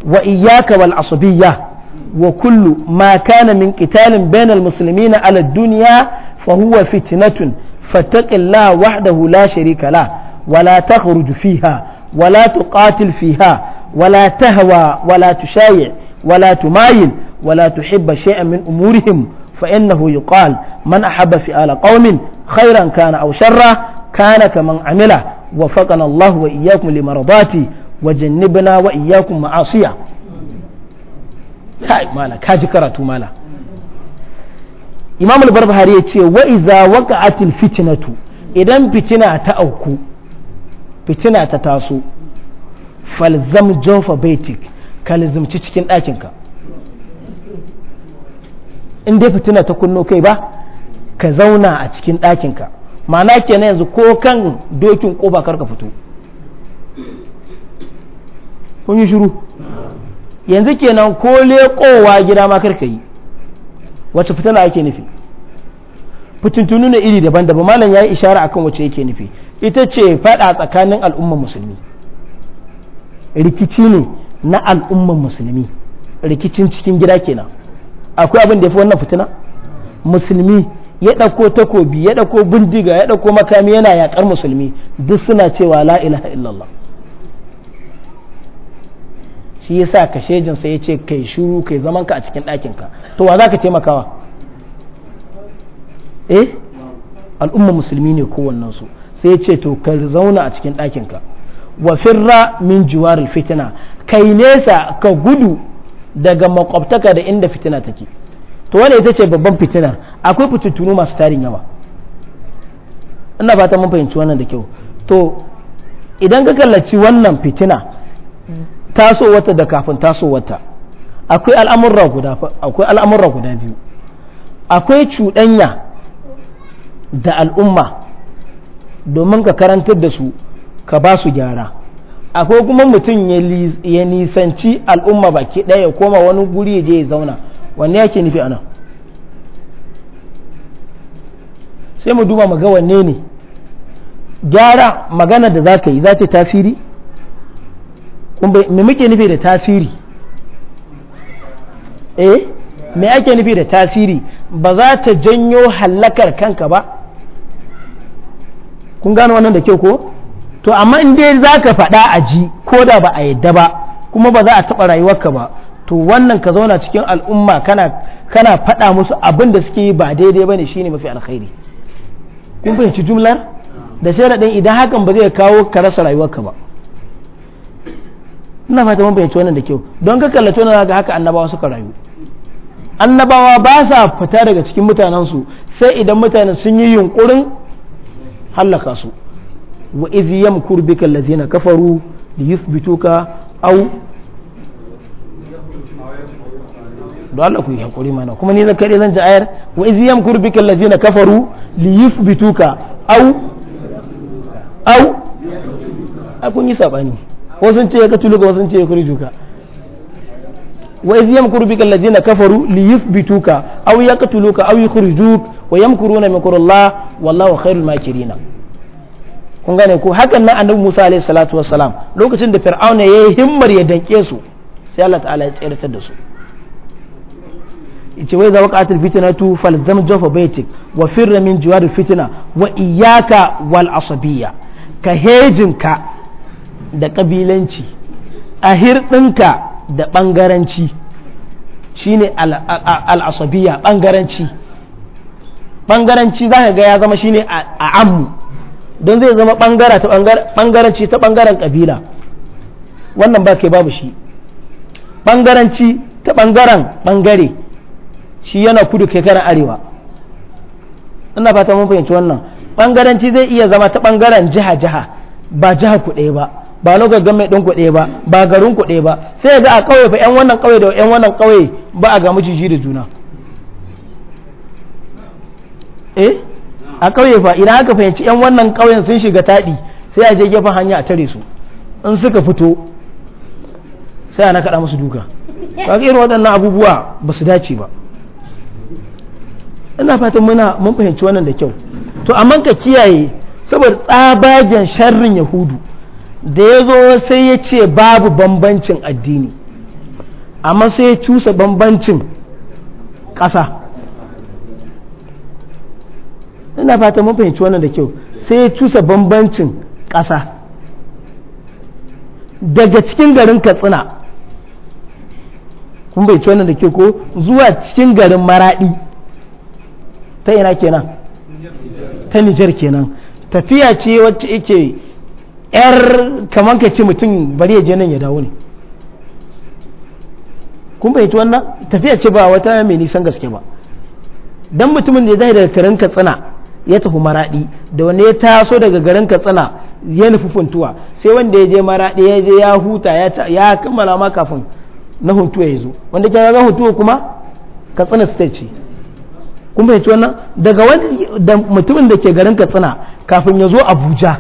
wa iyyaka wal asabiyya wa kullu ma kana min qitalin bayna al-muslimina ala ad-dunya fa huwa fitnatun fattaqillaha wahdahu la sharika lahu ولا تخرج فيها ولا تقاتل فيها ولا تهوى ولا تشايع ولا تمايل ولا تحب شيئا من أمورهم فإنه يقال من أحب فئال قوم خيرا كان أو شرا كان كمن عمله وفقنا الله وإياكم لمرضاتي وجنبنا وإياكم معاصية kai mala ka ji karatu mala imam al-barbahari ya ce wa iza waqa'atil fitnatu idan fitina ta auku fitina ta taso falzam jofa baitik ka lizimci cikin ɗakinka in dai fitina ta kunno kai ba ka zauna a cikin ɗakinka ma'ana kenan yanzu ko kan dokin ƙofa karka fito kun yi shiru yanzu kenan ko leƙowa gida ma karka yi wacce fitina ake nufi fitintunu ne iri daban-daban malam ya yi ishara akan wacce yake nufi ita ce faɗa tsakanin al'umman musulmi rikici ne na al'umman musulmi rikicin cikin gida kenan akwai abin da ya fi wannan fitina musulmi ya ɗauko takobi ya ɗauko bindiga ya ɗauko makami yana yakar musulmi duk suna cewa la ilaha illallah shi yasa kashejinsa ya ce kai shuru kai zamanka a cikin ɗakinka to wa za ka taimakawa eh al'umma musulmi ne kowannen su sai ce to ka zauna a cikin ɗakin ka wa firra min juwar fitina kai nesa ka gudu daga makwabtaka da inda fitina take to wane ita ce babban fitinar akwai fitattunu masu tarin yawa ina fata mun fahimci wannan da kyau to idan ka kallaci wannan fitina wata da kafin wata akwai al'amurra guda akwai al'amurra guda biyu akwai cuɗanya da al'umma domin ka karantar da su ka ba su gyara akwai kuma mutum ya nisanci al'umma baki ɗaya ya koma wani guri ya je ya zauna wanne yake nufi anan sai mu duba ga wanne ne gyara magana da za ka yi za ta tasiri me muke nufi da tasiri eh me ake nufi da tasiri ba za ta janyo hallakar kanka ba kun gane wannan da kyau ko to amma in dai za ka faɗa a ji ko da ba a yadda ba kuma ba za a taɓa rayuwarka ba to wannan ka zauna cikin al'umma kana kana faɗa musu abin da suke yi ba daidai ba ne shine mafi alkhairi kun fahimci jumlar da sharaɗin idan hakan ba zai kawo ka rasa rayuwarka ba ina fata mun fahimci wannan da kyau don ka kallato na ga haka annabawa suka rayu annabawa ba sa fita daga cikin mutanensu sai idan mutanen sun yi yunkurin hallaka su wa idh kafaru li yuthbituka aw don Allah ku yi hakuri mana kuma ni zan ji ayar wa kafaru li a kun yi sabani wasu ce wasu ce wa kafaru li wa yamkuruna makrullah wallahu khairul makirina kun gane ko hakan nan annabi Musa alaihi salatu wassalam lokacin da fir'auna yayi himmar ya danke su sai Allah ta'ala ya tsiratar da su ce wai za waqatil fitnatu falzam jafa baitik wa firra min jiwar fitna wa iyyaka wal asabiyya ka hejinka da kabilanci a hirɗinka da ɓangaranci shine al asabiyya ɓangaranci bangaranci za ka ga ya zama shine a ammu don zai zama ɓangaranci ta bangaranci ta bangaren kabila wannan ba ke babu shi bangaranci ta bangaren bangare shi yana kudu kai kana arewa ina fata mun fahimci wannan bangaranci zai iya zama ta bangaren jiha jiha ba jiha ku ɗaya ba ba lokacin mai ɗin ku ɗaya ba ba garin ku ɗaya ba sai ga a ƙauye fa 'yan wannan ƙauye da 'yan wannan ƙauye ba a ga mijiji da juna eh a ƙauye fa idan aka fahimci yan wannan ƙauyen sun shiga taɗi sai a je gefen hanya a tare su in suka fito sai ana kaɗa musu duka kaga irin waɗannan abubuwa ba su dace ba ina fatan muna mun fahimci wannan da kyau to amma ka kiyaye saboda tsabagen sharrin yahudu da ya zo sai ya ce babu bambancin addini amma sai ya cusa bambancin ƙasa ina fata mun fahimci wannan da kyau sai ya cusa bambancin ƙasa daga cikin garin katsina kun fahimci wannan da kyau ko zuwa cikin garin maraɗi ta ina kenan ta nijar kenan tafiya ce wacce ike yar kamar ka ce mutum bari ya je nan ya dawo ne kun fahimci wannan tafiya ce ba wata mai nisan gaske ba don mutumin da ya zai daga karin katsina ya tafi maraɗi da wani ya taso daga garin katsina ya nufi funtuwa sai wanda ya je maraɗi ya je ya huta ya kammala ma kafin na huntuwa ya zo wanda ke ga huntuwa kuma katsina su ce kun fahimci wannan daga da mutumin da ke garin katsina kafin ya zo abuja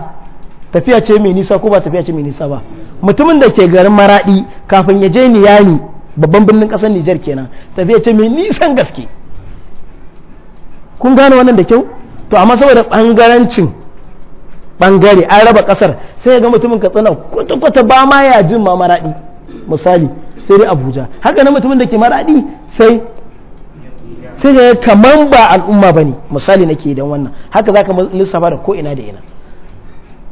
tafiya ce mai nisa ko ba tafiya ce mai nisa ba mutumin da ke garin maraɗi kafin ya je niyani babban birnin ƙasar nijar kenan tafiya ce mai nisan gaske kun gane wannan da kyau to amma saboda bangarancin bangare an raba kasar sai ga mutumin katsina kwata-kwata ba ma ya jin ma maradi misali sai dai abuja haka na mutumin da ke maradi sai sai ga kaman ba al'umma ba ne misali nake idan wannan haka za ka lissafa da ko ina da ina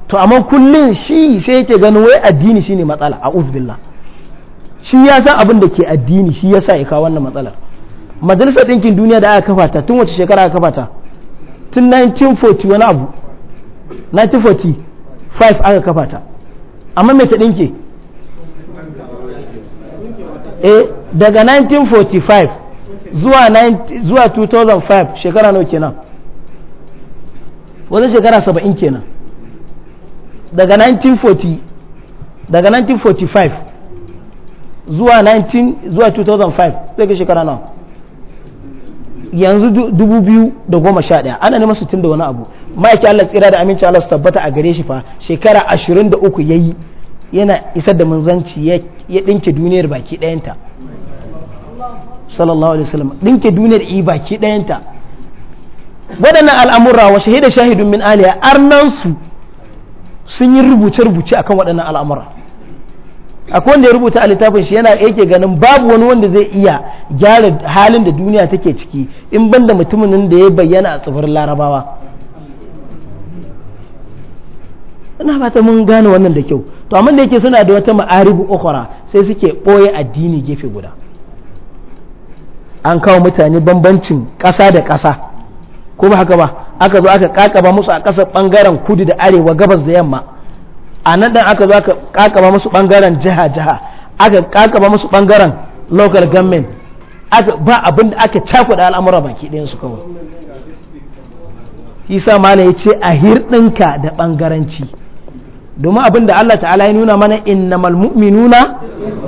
to amma kullum shi sai yake ganin wai addini shine matsala a billah shi ya san abin da ke addini shi ya sa ya kawo wannan matsalar majalisar ɗinkin duniya da aka kafa ta tun wace shekara aka kafa ta tun 1940 wani abu 1945 aka kafa ta amma mai ta ɗinke eh daga 1945 zuwa zuwa 2005 shekara nau kenan wani shekara 70 kenan daga 1940 daga 1945 zuwa 19 zuwa 2005 zai ga shekara nawa yanzu dubu biyu da goma sha ɗaya ana neman sittin da wani abu ma'aikin Allah tsira da aminci Allah su tabbata a gare shi fa shekara ashirin da uku ya yi yana isar da manzanci ya ɗinke duniyar baki ɗayanta sallallahu alaihi wasallam ɗinke duniyar i baki ɗayanta waɗannan al'amura wa shahida shahidun min aliya arnansu sun yi rubuce-rubuce akan waɗannan al'amura akwai wanda ya rubuta a littafin shi yana yake ganin babu wani wanda zai iya gyara halin da duniya take ciki in banda mutumin da ya bayyana a tsibirin larabawa ina fata mun gane wannan da kyau to amma da yake suna da wata ma'aribu ukhra sai suke boye addini gefe guda an kawo mutane bambancin ƙasa da ƙasa ko ba haka ba aka zo aka kakaba musu a ƙasar bangaren kudu da arewa gabas da yamma a nan dan aka zaka kakaba musu bangaren jiha jiha aka kakaba musu bangaren local government aka ba abin da aka cakuɗa al'amura baki ɗayan su kawai isa mana ya ce a hirɗinka da ɓangaranci domin abin da Allah ta'ala ya nuna mana innamal mu'minuna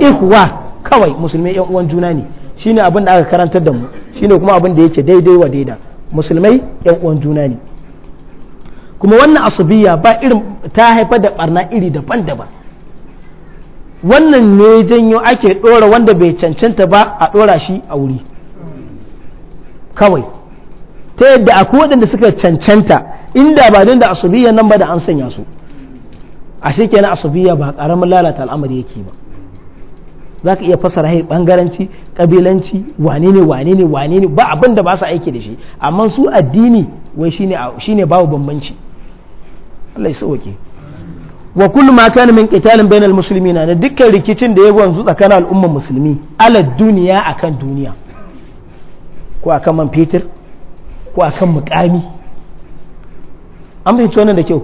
ikhwa kawai musulmai yan uwan juna ne shine abin da aka karantar da mu shine kuma abin da yake daidai wa daida musulmai yan uwan juna ne kuma wannan asubiya ba irin ta haifar da barna iri daban-daban wannan ne janyo ake ɗora wanda bai cancanta ba a ɗora shi a wuri kawai ta yadda akwai waɗanda suka cancanta inda ba da asubiya nan ba da an sanya su a shi na asubiya ba karamin lalata al'amari yake ba za ka iya fasara hai bangaranci kabilanci wane ne wane ne wane ne ba abin ba su aiki da shi amma su addini wai shine shine babu bambanci Allah ya sauke wa kullu ma kana min qitalin bainal muslimina da dukkan rikicin da ya wanzu tsakanin al'ummar musulmi ala duniya akan duniya ko akan man fetur ko akan mukami an fahimci wannan da kyau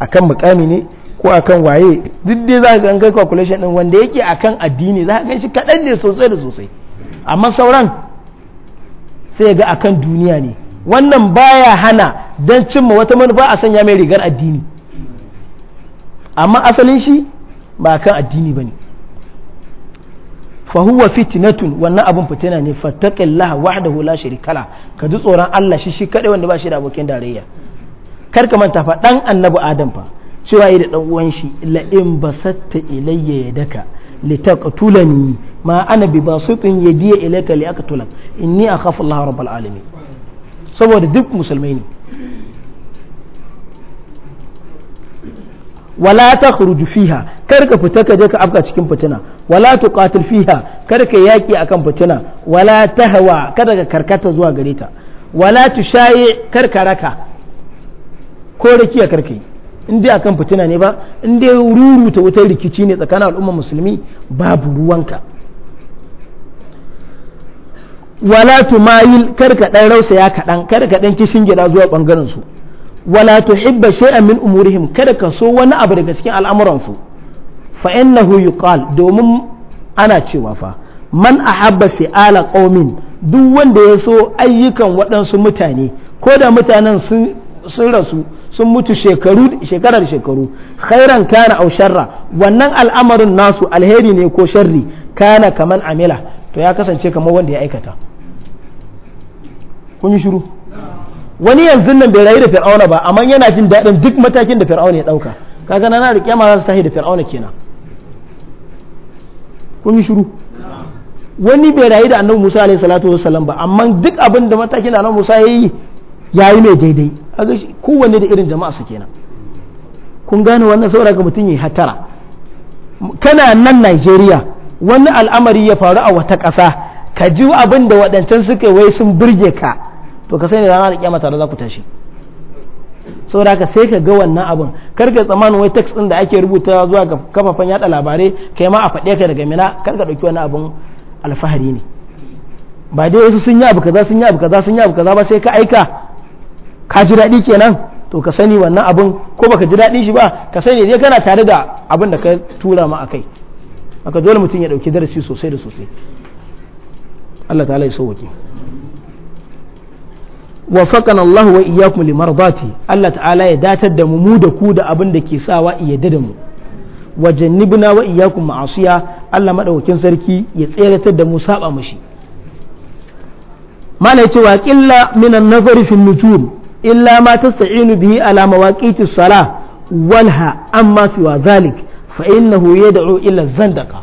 akan mukami ne ko akan waye duk dai za ka ga calculation din wanda yake akan addini za ka gan shi kaɗan ne sosai da sosai amma sauran sai ga akan duniya ne wannan baya hana don cimma wata manufa a sanya mai rigar addini amma asalin shi ba kan addini ba ne fahuwa fitinatun wannan abin fitina ne laha wahda hula la kala ka ji tsoron Allah shi shi kaɗai wanda ba shi da abokin darayya kar ka manta fa dan annabi adam fa cewa yi da dan uwan shi la ba satta ilayya yadaka litaqtulani ma ana bi basitin yadiya ilayka tulan inni akhafu Allah rabbal alamin saboda duk musulmai ne wala ta fiha kar ka fita ka je ka afka cikin fitina wala qatil fiha kar ka yaki akan fitina wala tahwa kada ka karkata zuwa gare ta wala shayi kar ka raka ko rakiya kar karkai in dai akan fitina ne ba in dai ruruta wutar rikici ne tsakanin al'ummar musulmi babu ruwanka wala tumayil kar ka dan rausaya kaɗan kar ka dan kishin gida zuwa bangaren su wala tuhibba shay'an min umurihim kada ka so wani abu daga cikin al'amuran su fa innahu yuqal domin ana cewa fa man ahabba fi'ala qaumin duk wanda ya so ayyukan waɗansu mutane ko da mutanen sun sun rasu sun mutu shekaru shekara da shekaru khairan kana au sharra wannan al'amarin nasu alheri ne ko sharri kana kaman amila to ya kasance kamar wanda ya aikata kun yi shiru wani yanzu nan bai rayu da fir'auna ba amma yana jin daɗin duk matakin da fir'auna ya ɗauka kaga na da kyama za su tahi da fir'auna kenan kun yi shiru wani bai rayu da annabi Musa alaihi salatu wassalam ba amma duk abin da matakin da annabi Musa ya yi ya yi mai daidai kaga kowanne da irin jama'a su kenan kun gane wannan saboda ga mutum ya hatara kana nan Najeriya wani al'amari ya faru a wata ƙasa ka ji abin da waɗancan suka wai sun burge ka to ka sani ranar alƙiyama tare za ku tashi saboda haka sai ka ga wannan abin kar ka tsammanin wai text din da ake rubuta zuwa ga kafafen yada labarai kai ma a faɗe ka daga mina kar ka ɗauki wannan abin alfahari ne ba dai wasu sun yi abu kaza sun yi abu kaza sun yi abu kaza ba sai ka aika ka ji daɗi kenan to ka sani wannan abin ko baka ji daɗi shi ba ka sani dai kana tare da abin da ka tura ma akai aka dole mutum ya ɗauki darasi sosai da sosai Allah ta'ala ya sauwake. وفقنا الله وإياكم لمرضاتي الله تعالى يدات الدم مود كود أبن دكي ساوى يددم وجنبنا وإياكم معصية الله مدعو كن سركي يتسير تدم سابع مشي ما نتوى إلا من النظر في النجوم إلا ما تستعين به على مواقيت الصلاة والها أما سوى ذلك فإنه يدعو إلى الزندقة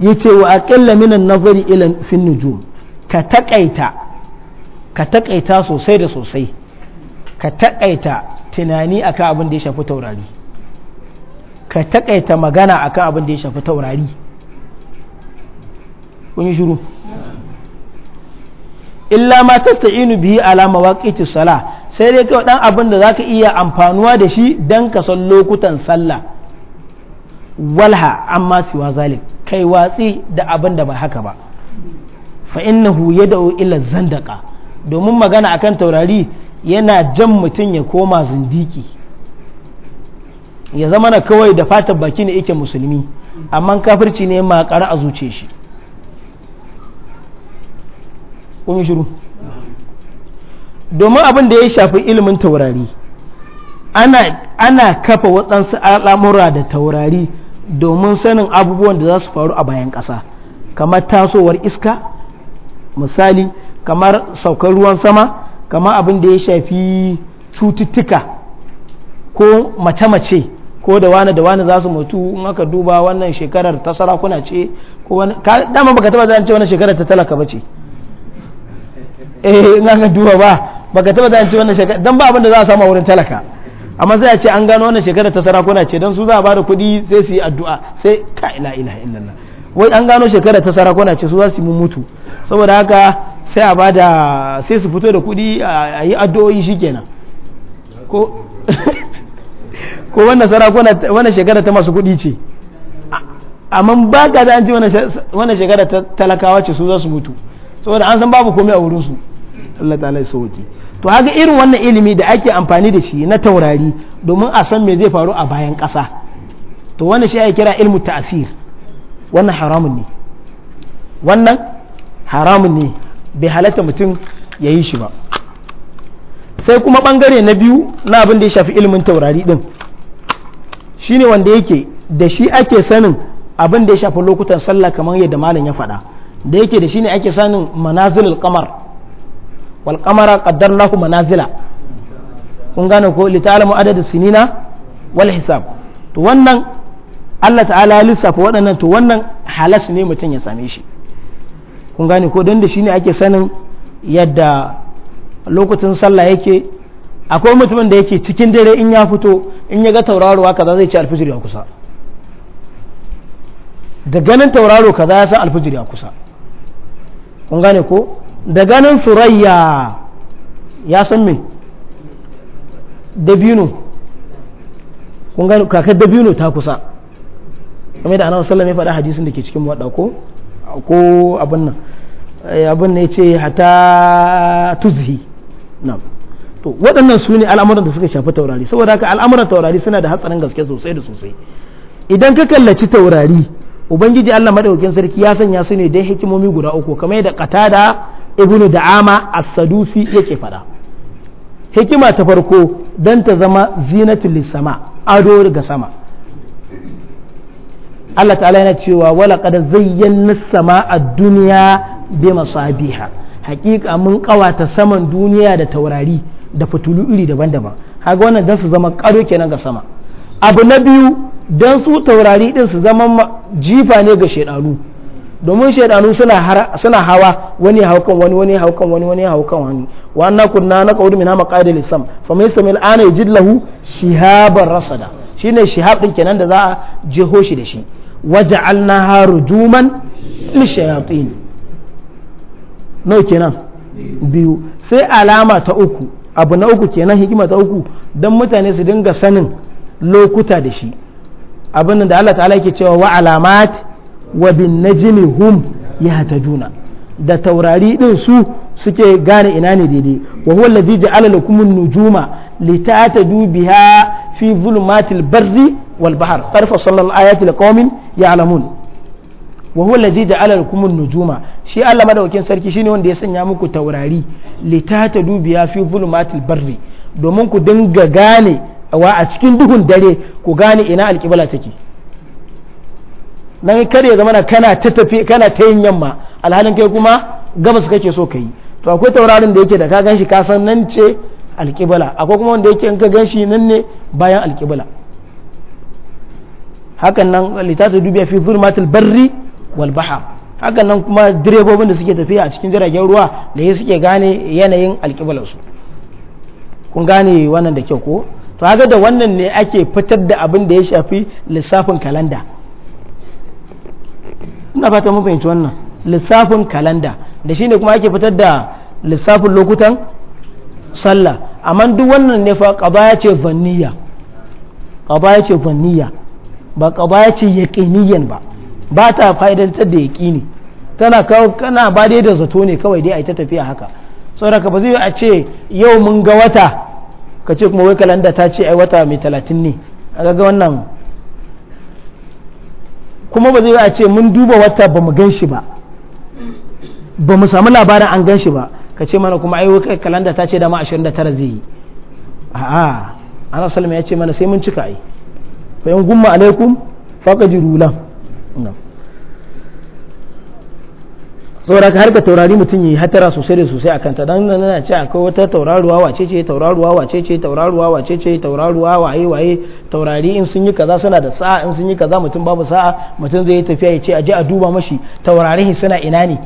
يتوى أقل من النظر إلى في النجوم ka taƙaita ka taƙaita sosai da sosai ka taƙaita tunani akan abin da ya shafi taurari ka taƙaita magana akan abin da ya shafi taurari kun yi shiru illa ma tasta'inu bihi ala mawaqiti sala sai dai kawai dan abin da zaka iya amfanuwa da shi dan ka san lokutan sallah walha amma siwa zalik kai watsi da abin da ba haka ba fa innahu yad'u ila zandaka domin magana akan taurari yana jan mutum ya koma zindiki ya zama na kawai da fatan baki ne yake musulmi amma kafirci ne ma a zuce shi kun shiru domin abin da ya shafi ilimin taurari ana, ana kafa waɗansu al'amura da taurari domin sanin abubuwan da za su faru a bayan ƙasa kamar tasowar iska misali kamar saukar ruwan sama kamar abin da ya shafi cututtuka ko mace-mace ko da wani da wani za su mutu in aka duba wannan shekarar ta sarakuna ce ko wani dama baka taba zan ce wannan shekarar ta talaka bace eh in aka duba ba baka taba zan ce wannan shekarar dan ba abin da za a samu wurin talaka amma sai a ce an gano wannan shekarar ta sarakuna ce don su za a bada kuɗi sai su yi addu'a sai ka ila ilaha illallah wai an gano shekara ta sarakuna ce su za su mutu saboda haka sai a bada sai su fito da kuɗi a yi addu'o'i shikenan ko ko wannan sarakuna wannan shekara ta masu kuɗi ce amma ba ka da an ji wannan shekara ta talakawa ce su za su mutu saboda an san babu komai a wurin su Allah ta'ala ya sauke to haka irin wannan ilimi da ake amfani da shi na taurari domin a san me zai faru a bayan ƙasa to wannan shi ake kira ilmu ta'asir wannan haramun ne wannan haramun ne bai halatta mutum ya yi shi ba sai kuma bangare na biyu na abin da ya shafi ilimin taurari din ne wanda yake da shi ake sanin abin da ya shafi lokutan sallah kamar yadda malam ya faɗa da yake da shi ne ake sanin manazilul qamar wal kaddar qaddarnahu manazila kun gane ko littalin ta'lamu sinina wal hisab to wannan Allah ta'ala ya lissafa waɗannan to wannan halas ne mutum ya same shi kun gane ko don da shi ne ake sanin yadda lokacin sallah yake akwai mutumin da yake cikin dare in ya fito in ya ga tauraro kaza zai ci alfijir ya kusa da ganin tauraro kaza ya san alfijir ya kusa kun gane ko da ganin furayya ya san me dabino kun gane kakar dabino ta kusa kamar da annabi sallallahu alaihi wasallam ya faɗa hadisin da ke cikin waɗa ko ko abin nan eh, abin ne ce hata tuzhi na to waɗannan su ne al'amuran da suka shafi taurari saboda haka al'amuran taurari suna da hatsarin gaske sosai da sosai idan ka kallaci taurari ubangiji Allah madaukakin sarki ya sanya su ne dai hikimomi guda uku kamar yadda qatada ibnu da'ama as-sadusi yake faɗa hikima ta farko dan ta zama zinatul lisama ado ga sama Allah ta'ala yana cewa wala qad zayyana sama'a dunya bi masabiha hakika mun kawata saman duniya da taurari da fitulu iri daban-daban haga wannan dan su zama karo kenan ga sama abu na biyu dan su taurari din su zama jifa ne ga shedanu domin shaidanu suna hawa wani haukan wani wani haukan wani wani haukan wani wa anna kunna na min hama qadil sam fa mai samil ana yajid lahu shihaban rasada shine shihab din kenan da za a jeho shi da shi waja'alnaha rujuman lishayatin nau kenan biyu sai alama ta uku abu na uku kenan hikima ta uku don mutane su dinga sanin lokuta da shi abin da Allah ta'ala yake cewa wa alamat wa bin najmi hum yahtaduna da taurari din su suke gane ina ne daidai wa huwa allazi ja'ala lakum an-nujuma litatadu biha fi dhulumatil barri wal bahr tarfa sallallahu ayati liqaumin ya'lamun wa huwa alladhi ja'ala lakum an-nujuma shi Allah madaukin sarki shine wanda ya sanya muku taurari litata dubiya fi zulumatil barri domin ku dinga gane wa a cikin duhun dare ku gane ina alƙibla take nan kare ya zamana kana ta tafi kana ta yin yamma alhalin kai kuma gabas kake so kai to akwai taurarin da yake da ka ganshi ka san nan ce alƙibla akwai kuma wanda yake in ka ganshi nan ne bayan alƙibla hakan nan litata dubiya fi zulmatil barri wal bahar hakan nan kuma direbobin da suke tafiya a cikin jiragen ruwa da ya suke gane yanayin alƙiblarsu kun gane wannan da kyau ko to haka da wannan ne ake fitar da abin da ya shafi lissafin kalanda ina fata mun fahimci wannan lissafin kalanda da shine kuma ake fitar da lissafin lokutan sallah amma duk wannan ne fa qaba ya ce vanniya qaba ya ce vanniya ba ba ce yaƙiniyan ba ba ta fa'idantar da yaƙini tana kawo kana ba dai da zato ne kawai dai a yi ta tafiya haka saboda ba zai a ce yau mun ga wata ka ce kuma wai kalanda ta ce ai wata mai talatin ne a ga wannan kuma ba zai a ce mun duba wata ba mu gan shi ba ba mu samu labarin an gan shi ba ka ce mana kuma ai wai kalanda ta ce dama 29 zai yi a'a ana salama ya ce mana sai mun cika ai fa in gumma alaikum faqadiru la saboda ka harka taurari mutum yi hatara sosai da sosai a kanta don nan ce akwai wata tauraruwa wace ce tauraruwa wace ce tauraruwa wace ce tauraruwa waye waye taurari in sun yi kaza suna da sa'a in sun yi kaza mutum babu sa'a mutum zai yi tafiya ya ce aje a duba mashi taurarin suna ina ne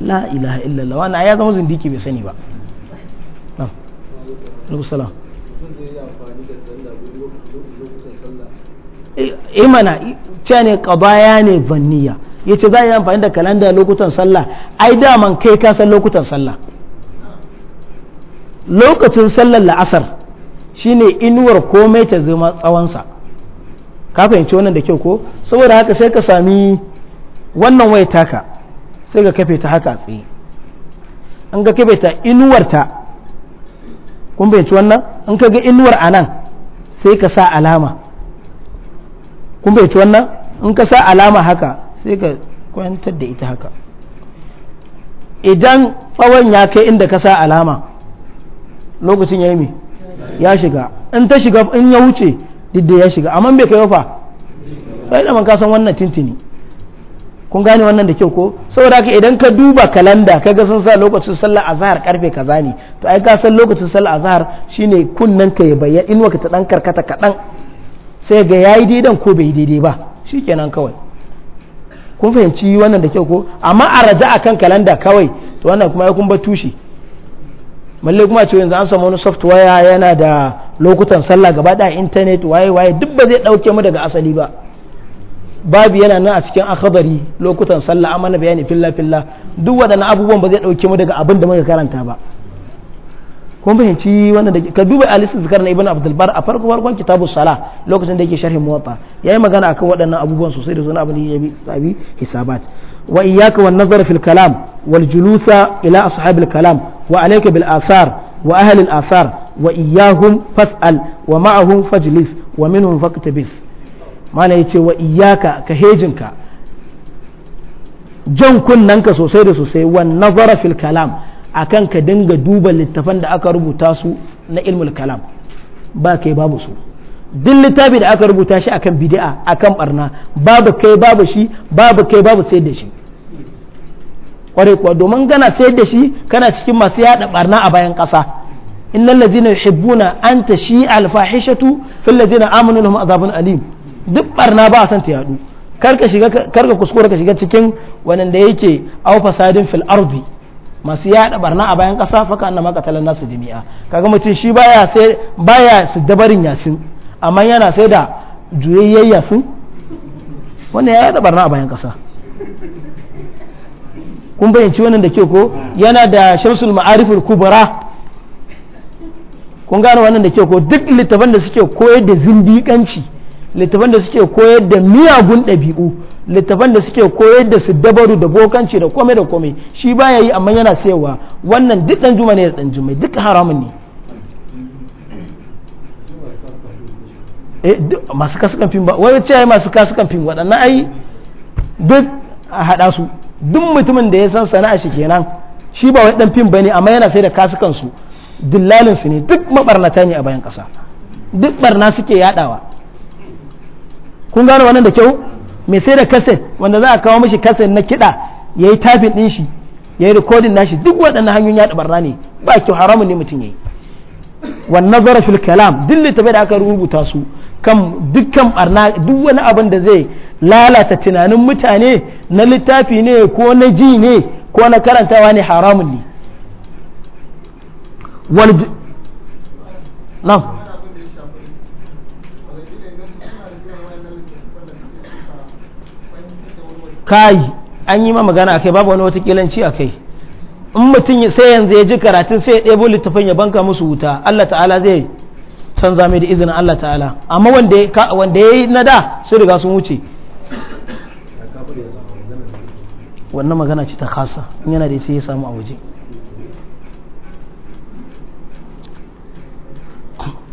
la ilaha illallah wannan ya zama zindiki bai sani ba na'am imana eh, eh, ce ne kabaya ne vanniya ya ce za a yi amfani da kalanda lokutan sallah ai daman kai ka san lokutan sallah lokacin sallar la'asar shine inuwar komai ta zama tsawonsa ka fahimci wannan da kyau ko saboda haka sai ka sami wannan waya taka sai ka kafe ta haka tsaye an ga kafe ta inuwarta kun fahimci wannan an ka ga inuwar a nan sai ka sa alama kun bai wannan in ka sa alama haka sai ka kwantar da ita haka idan tsawon ya kai inda ka sa alama lokacin ya yi ya shiga in ta shiga in ya wuce didda ya shiga amma bai kai fa bai da man ka san wannan tintini kun gane wannan da kyau ko saboda haka idan ka duba kalanda ga sun sa lokacin sallar azhar karfe kaza ne to ai ka san lokacin sallar azhar shine kunnan ka ya bayyana in waka ta dan karkata kadan sai ga yayi daidan ko bai daidai ba shi kenan kawai kun fahimci wannan da kyau ko amma a raja akan kalanda kawai to wannan kuma ya kun ba tushe malle kuma ce yanzu an samu wani software yana da lokutan sallah gaba da internet waye waye duk ba zai dauke mu daga asali ba babu yana nan a cikin akhbari lokutan sallah amma na bayani filla filla duk waɗannan abubuwan ba zai dauke mu daga abin da muka karanta ba kun fahimci wannan da ka duba alis zikar na ibn abdul a farko farkon kitabu sala lokacin da yake sharhin muwatta yayi magana akan waɗannan abubuwan sosai da zuwa abin da yabi sabi hisabat wa iyyaka wan nazar fil kalam wal julusa ila ashabil kalam wa alayka bil asar wa ahli al athar wa iyyahum fas'al wa ma'ahum fajlis wa minhum faqtabis mana yace wa iyyaka ka hejinka jan kunnanka sosai da sosai wan nazara fil kalam akan ka dinga duba littafan da aka rubuta su na ilmul kalam ba kai babu su duk littafi da aka rubuta shi akan bid'a akan barna babu kai babu shi babu kai babu sayar da shi kwarai kuwa domin gana sayar da shi kana cikin masu yada barna a bayan kasa innal ladzina yuhibbuna an tashi al fahishatu fil ladzina amanu lahum azabun alim duk barna ba son san ta yadu karka shiga karka kuskura ka shiga cikin wannan da yake au fasadin fil ardi masu yada barna a bayan kasa faka annama talar nasu jami'a kaga mutum shi baya sai baya su dabarin yasin amma yana sai da juyayyen yasin wannan ya yada barna a bayan kasa kun bayyanci wannan da ke ko yana da shamsul ma'ariful kubara kun gane wannan da ke ko duk littafan da suke koyar da zindiƙanci littafan da suke koyar da miyagun ɗabi'u littafan da suke koyar da su dabaru da bokanci da komai da komai shi baya yi amma yana sayarwa wannan duk dan juma ne da dan juma duk haramun ne eh, masu kasukan fim ba wani ce masu kasukan fim waɗannan ai duk a haɗa su duk mutumin da ya san sana'a shi kenan shi ba wai dan fim ne amma yana sai da kasukan su dillalin su ne duk mabarnata ne a bayan ƙasa duk barna suke yaɗawa kun gano wannan da kyau mai sai da kaset wanda za a kawo mashi kaset na kiɗa ya yi tafin ɗin shi ya yi rikodin nashi duk waɗannan hanyoyin yaɗa barna ne ba kyau haramun ne mutum ya yi wannan zarafin kalam duk littafai da aka rubuta su kan dukkan barna duk wani abin da zai lalata tunanin mutane na littafi ne ko na ji ne ko na karantawa ne haramun ne nan kai an yi ma magana akai babu wani wata kilanci akai in mutum sai yanzu ya ji karatun sai ya ɗebo littafin ya banka musu wuta Allah ta'ala zai canza mai da izinin Allah ta'ala amma wanda ya yi na da sun riga sun wuce wannan magana ce ta kasa in yana da sai ya samu a waje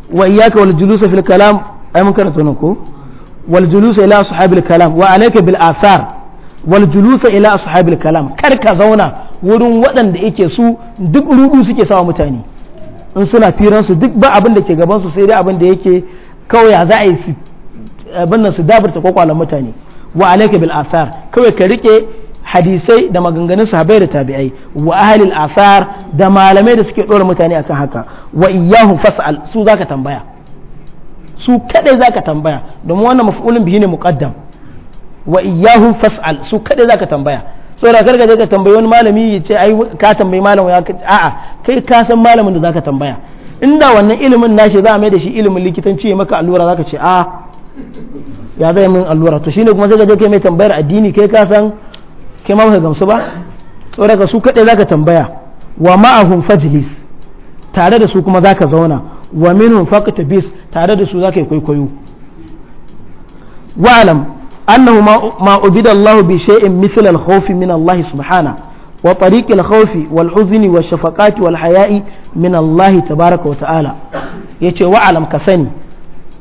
wa iyyaka wal julusa fil kalam ai mun karanta ko wal julusa ila sahabil kalam wa alayka bil athar wal julusa ila ashabil kalam kar ka zauna wurin waɗanda yake su duk rudu suke sawa mutane in suna firan su duk ba abin da ke gaban su sai dai abin da yake kawai za a yi abin nan su dabarta kwakwalan mutane wa alayka bil asar kawai ka rike hadisai da maganganun sahabbai da tabi'ai wa ahlil asar da malamai da suke dora mutane akan haka wa iyahu fas'al su zaka tambaya su kadai zaka tambaya domin wannan maf'ulun bihi ne muqaddam wa iyahu fas'al su kada zaka tambaya saboda karka je ka tambayi wani malami ya ce ai ka tambayi malamin ya a'a kai ka san malamin da zaka tambaya inda wannan ilimin nashi za a mai da shi ilimin likitanci ya maka allura zaka ce a ya zai min allura to shine kuma sai ka je kai mai tambayar addini kai ka san kai ma baka gamsu ba saboda ka su kadai zaka tambaya wa ma'ahum fajlis tare da su kuma zaka zauna wa minhum faqtabis tare da su zaka yi kwaikwayo wa'lam أنه ما عبد الله بشيء مثل الخوف من الله سبحانه وطريق الخوف والحزن والشفقات والحياء من الله تبارك وتعالى يتي وعلم كسني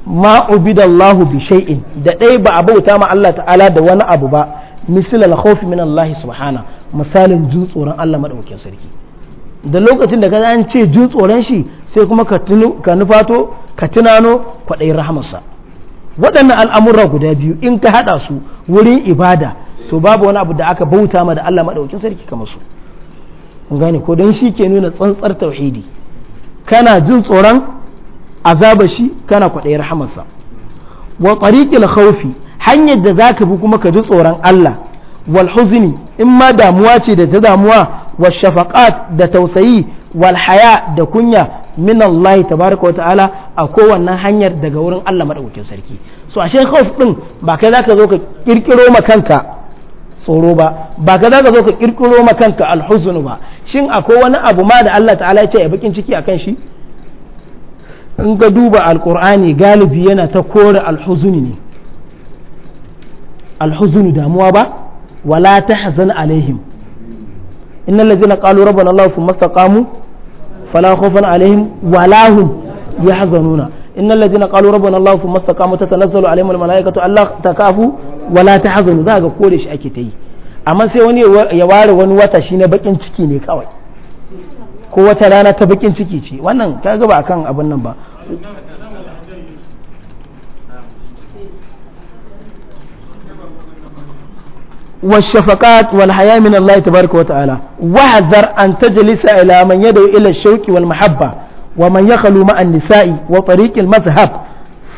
ما عبد الله بشيء da ɗaya ba abu ta ma Allah ta'ala da wani abu ba misal al-khawf min Allah subhana misalin jin tsoron Allah madaukakin sarki da lokacin da ka an ce jin tsoron shi sai kuma ka nufato ka tunano kwaɗayin rahamarsa waɗannan al'amura guda biyu in ka haɗa su wurin ibada to babu wani abu da aka bauta ma da Allah maɗaukin sarki kamar su gane ko don shi ke nuna tsantsar tauhidi kana jin tsoron azabashi shi kana kwaɗayi rahamarsa wa tariqil khawfi hanyar da za ka bi kuma ka ji tsoron Allah wal huzni in ma damuwa ce da ta damuwa wal shafaqat da tausayi wal haya da kunya min Allah tabaraka wata'ala a kowannan hanyar daga wurin Allah madaukakin sarki so ashe khauf din ba kai zaka zo ka kirkiro ma kanka tsoro ba ba kai zaka zo ka kirkiro ma kanka alhuzun ba shin akwai wani abu ma da Allah ta'ala ya ce ya bakin ciki akan shi in ka duba alqur'ani galibi yana ta kore alhuzuni ne alhuzunu damuwa ba wala tahzan alaihim innal ladzina qalu rabbana na thumma istaqamu فلا خوف عليهم ولا هم يحزنون إن الذين قالوا ربنا الله ثم استقاموا تتنزل عليهم الملائكة ألا تخافوا ولا تحزنوا ذاك كل شيء أكيد amma sai wani ya ware wani wata shi na bakin ciki ne kawai ko wata rana ta bakin ciki ce wannan kaga ba kan abin nan ba والشفقات والحياة من الله تبارك وتعالى واحذر أن تجلس إلى من يدعو إلى الشوك والمحبة ومن يخلو مع النساء وطريق المذهب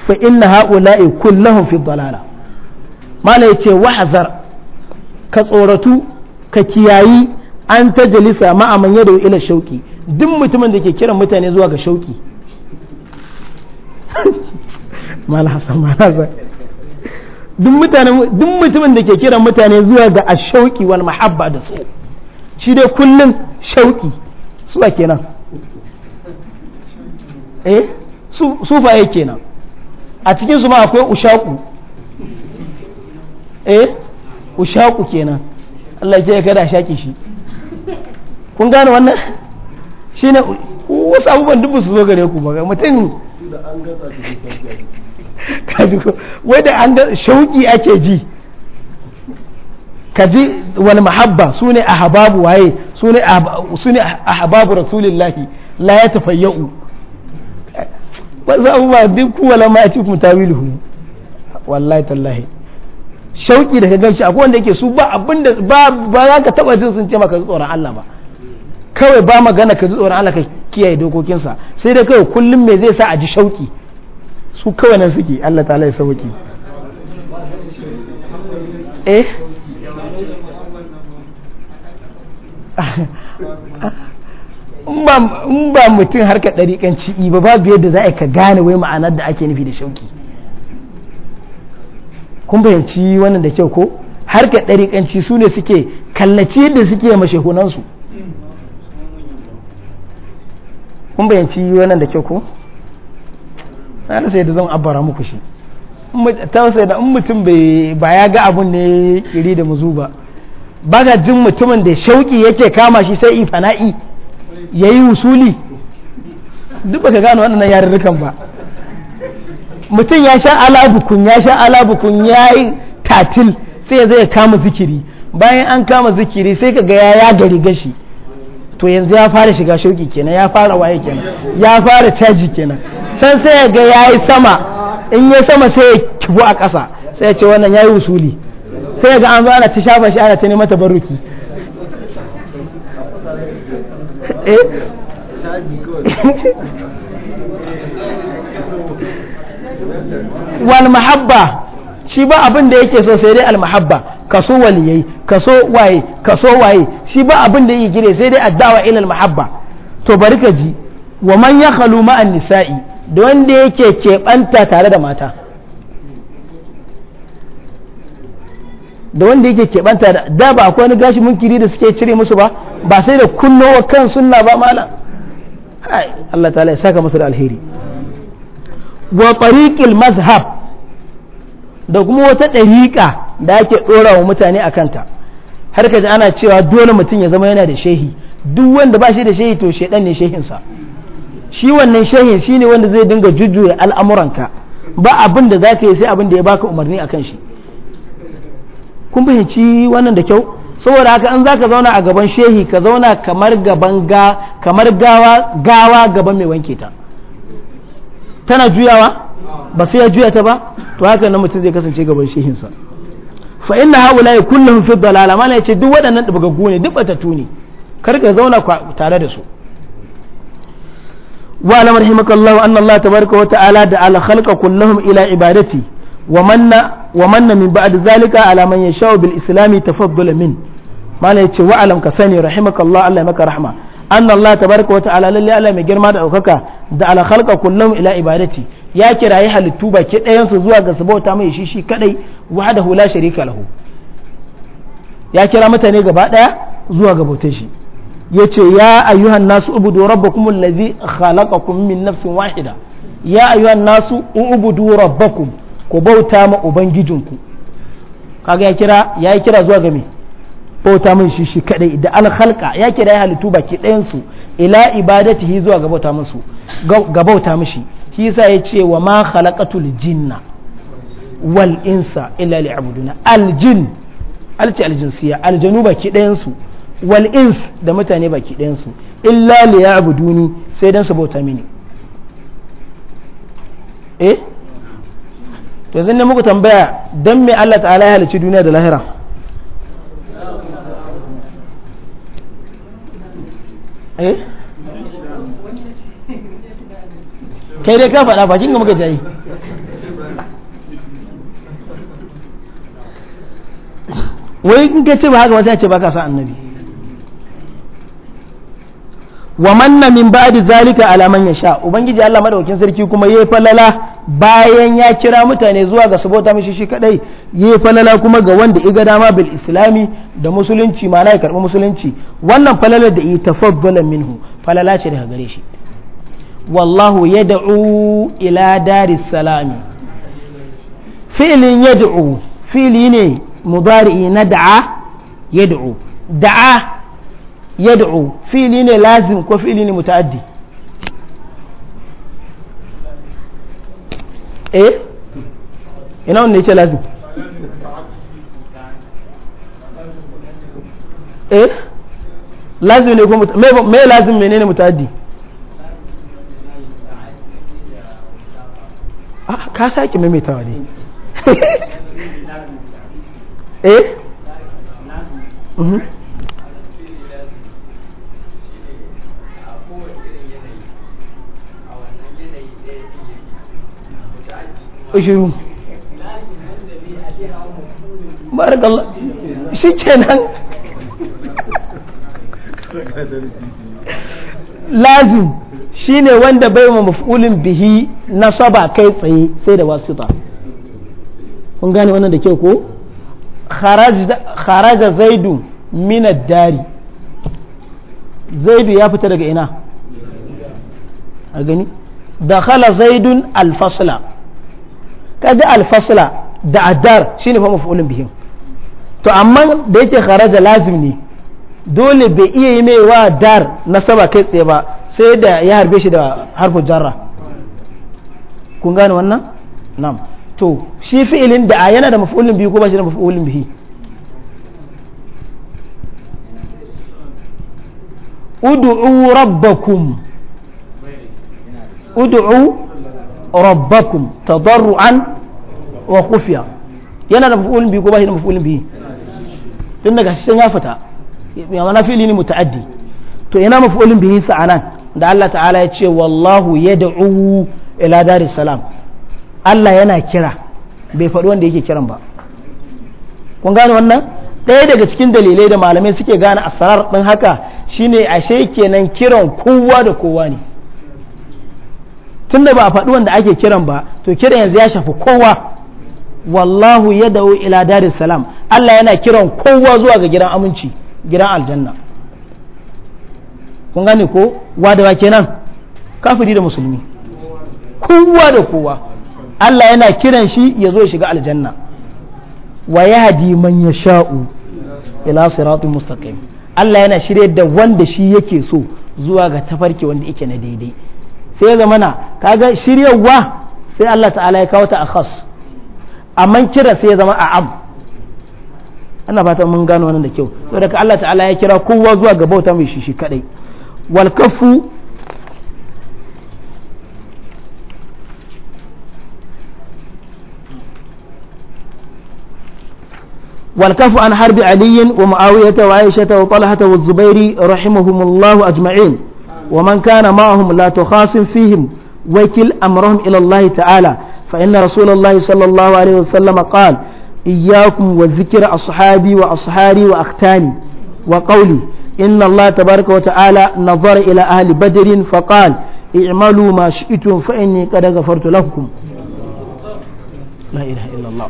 فإن هؤلاء كلهم في الضلالة ما ليتي واحذر كصورته ككياي أن تجلس مع من يدعو إلى الشوك دم متمن دي كيرا متاني زواغ شوكي ما لحسن ما لحسن duk mutanen duk mutumin da ke kiran mutane zuwa ga ashauki wal mahabba da su shi dai kullum shauki ba kenan eh sufaye kenan a cikin su ma akwai ushaku eh ushaku kenan Allah ce kada shaki shi kun gane wannan shine wasu abubuwan dubu su zo gare ku ba mutum da an gasa shi wadda ko an ga shauki ake ji ka ji wani mahabba su ne a hababu waye su ne ahbabu rasulillahi la ya tafayya'u wasu abubuwa duk kuwa lama ya ci kuma tawiluhu wallahi tallahi shauki da ka gan shi akwai wanda yake su ba abinda ba ba za ka taba jin sun ce maka tsoron Allah ba kawai ba magana ka ji tsoron Allah ka kiyaye dokokinsa sai dai kawai kullum me zai sa a ji shauki su kawai nan suke Allah ta ya sauki eh in ba mutum harka ɗariƙanci ci'i ba biyar da za a ka gane wai ma'anar da ake nufi da shauki kun fahimci wannan da kyau ko harka ci su ne suke kallaci yadda suke mashehunansu kun fahimci wannan da kyau ko na sai da zan abara muku shi sai da in mutum ba ya ga abun ne iri da muzu ba ba ga jin mutumin da shauki yake kama shi sai ifana'i ya yi usuli duk ba ka gano waɗannan yarurrukan ba mutum ya sha alabukun ya sha alabukun ya yi tatil sai zai kama zikiri bayan an kama zikiri sai ka ga ya gari gashi to yanzu ya fara shiga shauki kenan ya fara waye kenan ya fara caji kenan can sai ya ga yayi sama in yi sama sai ya kibu a ƙasa sai ya ce wannan ya yi usuli sai ga an zo ana ta shafa shi ana ta neman baruki. eh wal mahabba shi ba abin da yake so sai dai al mahabba kaso waliyai kaso waye kaso waye shi ba abin da yake gire sai dai addawa ila al mahabba to bari ka ji wa man ya khalu ma'an nisa'i da wanda yake keɓanta tare da mata da wanda yake keɓanta da da ba akwai wani gashi munkiri da suke cire musu ba ba sai da kunnowa kan sunna ba mala hai Allah ta'ala ya saka musu da alheri wa tariqil mazhab da kuma wata ɗariƙa da ake ɗora wa mutane a kanta har ka ji ana cewa dole mutum ya zama yana da shehi duk wanda ba shi da shehi to shaidan ne shehinsa shi wannan shehin ne wanda zai dinga jujjuya al'amuranka ba abin da za ka yi sai abin da ya baka umarni akan shi kun fahimci wannan da kyau saboda haka in za ka zauna a gaban shehi ka zauna kamar gaban ga kamar gawa gawa gaban mai wanke ta tana juyawa ba sai ya juya ta ba to haka nan mutum zai kasance gaban shehinsa fa inna haula kullum fi dalala mana ya ce duk waɗannan dubgaggu ne duk batatu ne kar ka zauna tare da su وعلم رحمك الله أن الله تبارك وتعالى دعا الخلق كلهم إلى عبادتي ومن ومن من بعد ذلك على من يشاء بالإسلام تفضل من ما لا يتشوى ألم كساني رحمك الله الله مك رحمة أن الله تبارك وتعالى للي ألا مجرم أوكاكا دعا الخلق كلهم إلى عبادتي يا كراي حل التوبة كده ينسى زوا قصبه تامي يشيشي كده وحده لا شريك له يا كرامة نيجا بعد زوا قبوتشي yace ya ayyuhan nasu ubudu rabbakum allazi khalaqakum min nafsin wahida ya ayyuhan nasu ubudu rabbakum ku bauta ma ubangijinku kaga ya kira ya kira zuwa ga me bauta min shi shi kadai da al khalqa ya kira ya halittu baki ɗayan su ila ibadatihi zuwa ga bauta musu ga bauta mishi shi yasa ce wa ma khalaqatul jinna wal insa illa liya'buduna al jin alci aljinsiya aljanu baki ɗayan su wal ins da mutane baki ɗayansu illa li ya'buduni sai dan su bauta mini eh to zan muku tambaya dan me Allah ta'ala ya halicci duniya da lahira eh kai dai ka faɗa bakin ga muka jayi wai in ka ce ba haka wata ce ba ka sa annabi wa manna min ba'di zalika alaman ya sha ubangiji Allah madaukin sarki kuma yayi falala bayan ya kira mutane zuwa ga sabota bauta mishi shi kadai yayi falala kuma ga wanda iga dama bil islami da musulunci ma'ana ya karbi musulunci wannan falala da itafaddala minhu falala ce daga gare shi wallahu yad'u ila dari salami fi'lin yad'u fi'li ne mudari'i na da'a yad'u da'a yad'u fi'li ne lazim ko fi'li ne muta'addi eh ina wannan yace lazim eh lazim ne ko me lazim menene muta'addi ah, ka sake maimaitawa ne eh mhm. shiru barakallah shi kenan lazim shine wanda bai wa maf'ulin bihi nasaba kai tsaye sai da wasita kun gane wannan da kyau ko kharaja zaidu minad dari zaidu ya fita daga ina a gani da dakhala zaidun alfasla kada alfasla da addar shine fa maf'ulun bihim to amma da yake kharaja lazim ne dole bai iya yi mai wa dar saba kai tsaye ba sai da ya harbe shi da harfin jarra kun gane wannan nam to shi fi'ilin da yana da maf'ulun bihi ko ba shi da maf'ulun bihi ud'u rabbakum ud'u ربكم تضرعا wa yana da mafulin biyu ko ba shi da mafulin biyu tun daga shi ya fita ya mana fili ne muta'addi to ina biyu sa sa'anan da Allah ta'ala ya ce wallahu yad'u ila dar salam Allah yana kira bai faɗi wanda yake kiran ba kun gane wannan ɗaya daga cikin dalilai da malamai suke gane asarar ɗin haka shine ashe kenan kiran kowa da kowa ne tunda ba a faɗi wanda ake kiran ba to kira yanzu ya shafi kowa wallahu ya dawo ila darin salam Allah yana kiran kowa zuwa ga gidan aminci gidan aljanna kun gane ko wa da wake nan? kafiri da musulmi kowa da kowa Allah yana kiran shi ya zo shiga aljanna wa ya hadi man sha'u? ila siratul mustaqim Allah yana shirye da wanda shi yake so zuwa ga tafarki wanda yake na daidai sai zama zamana kaga shiryarwa sai Allah ta'ala ya kawo ta a khas amma kira sai ya zama a am ana fata mun gano wannan da kyau daga Allah ta'ala ya kira kowa zuwa ga bauta mai shi shi kadai wal kafu والكف wa حرب wa ومعاوية wa وطلحة والزبير رحمهم الله أجمعين ومن كان معهم لا تخاصم فيهم وكل أمرهم إلى الله تعالى فإن رسول الله صلى الله عليه وسلم قال إياكم وذكر أصحابي وأصحاري وأختاني وقولي إن الله تبارك وتعالى نظر إلى أهل بدر فقال اعملوا ما شئتم فإني قد غفرت لكم لا إله إلا الله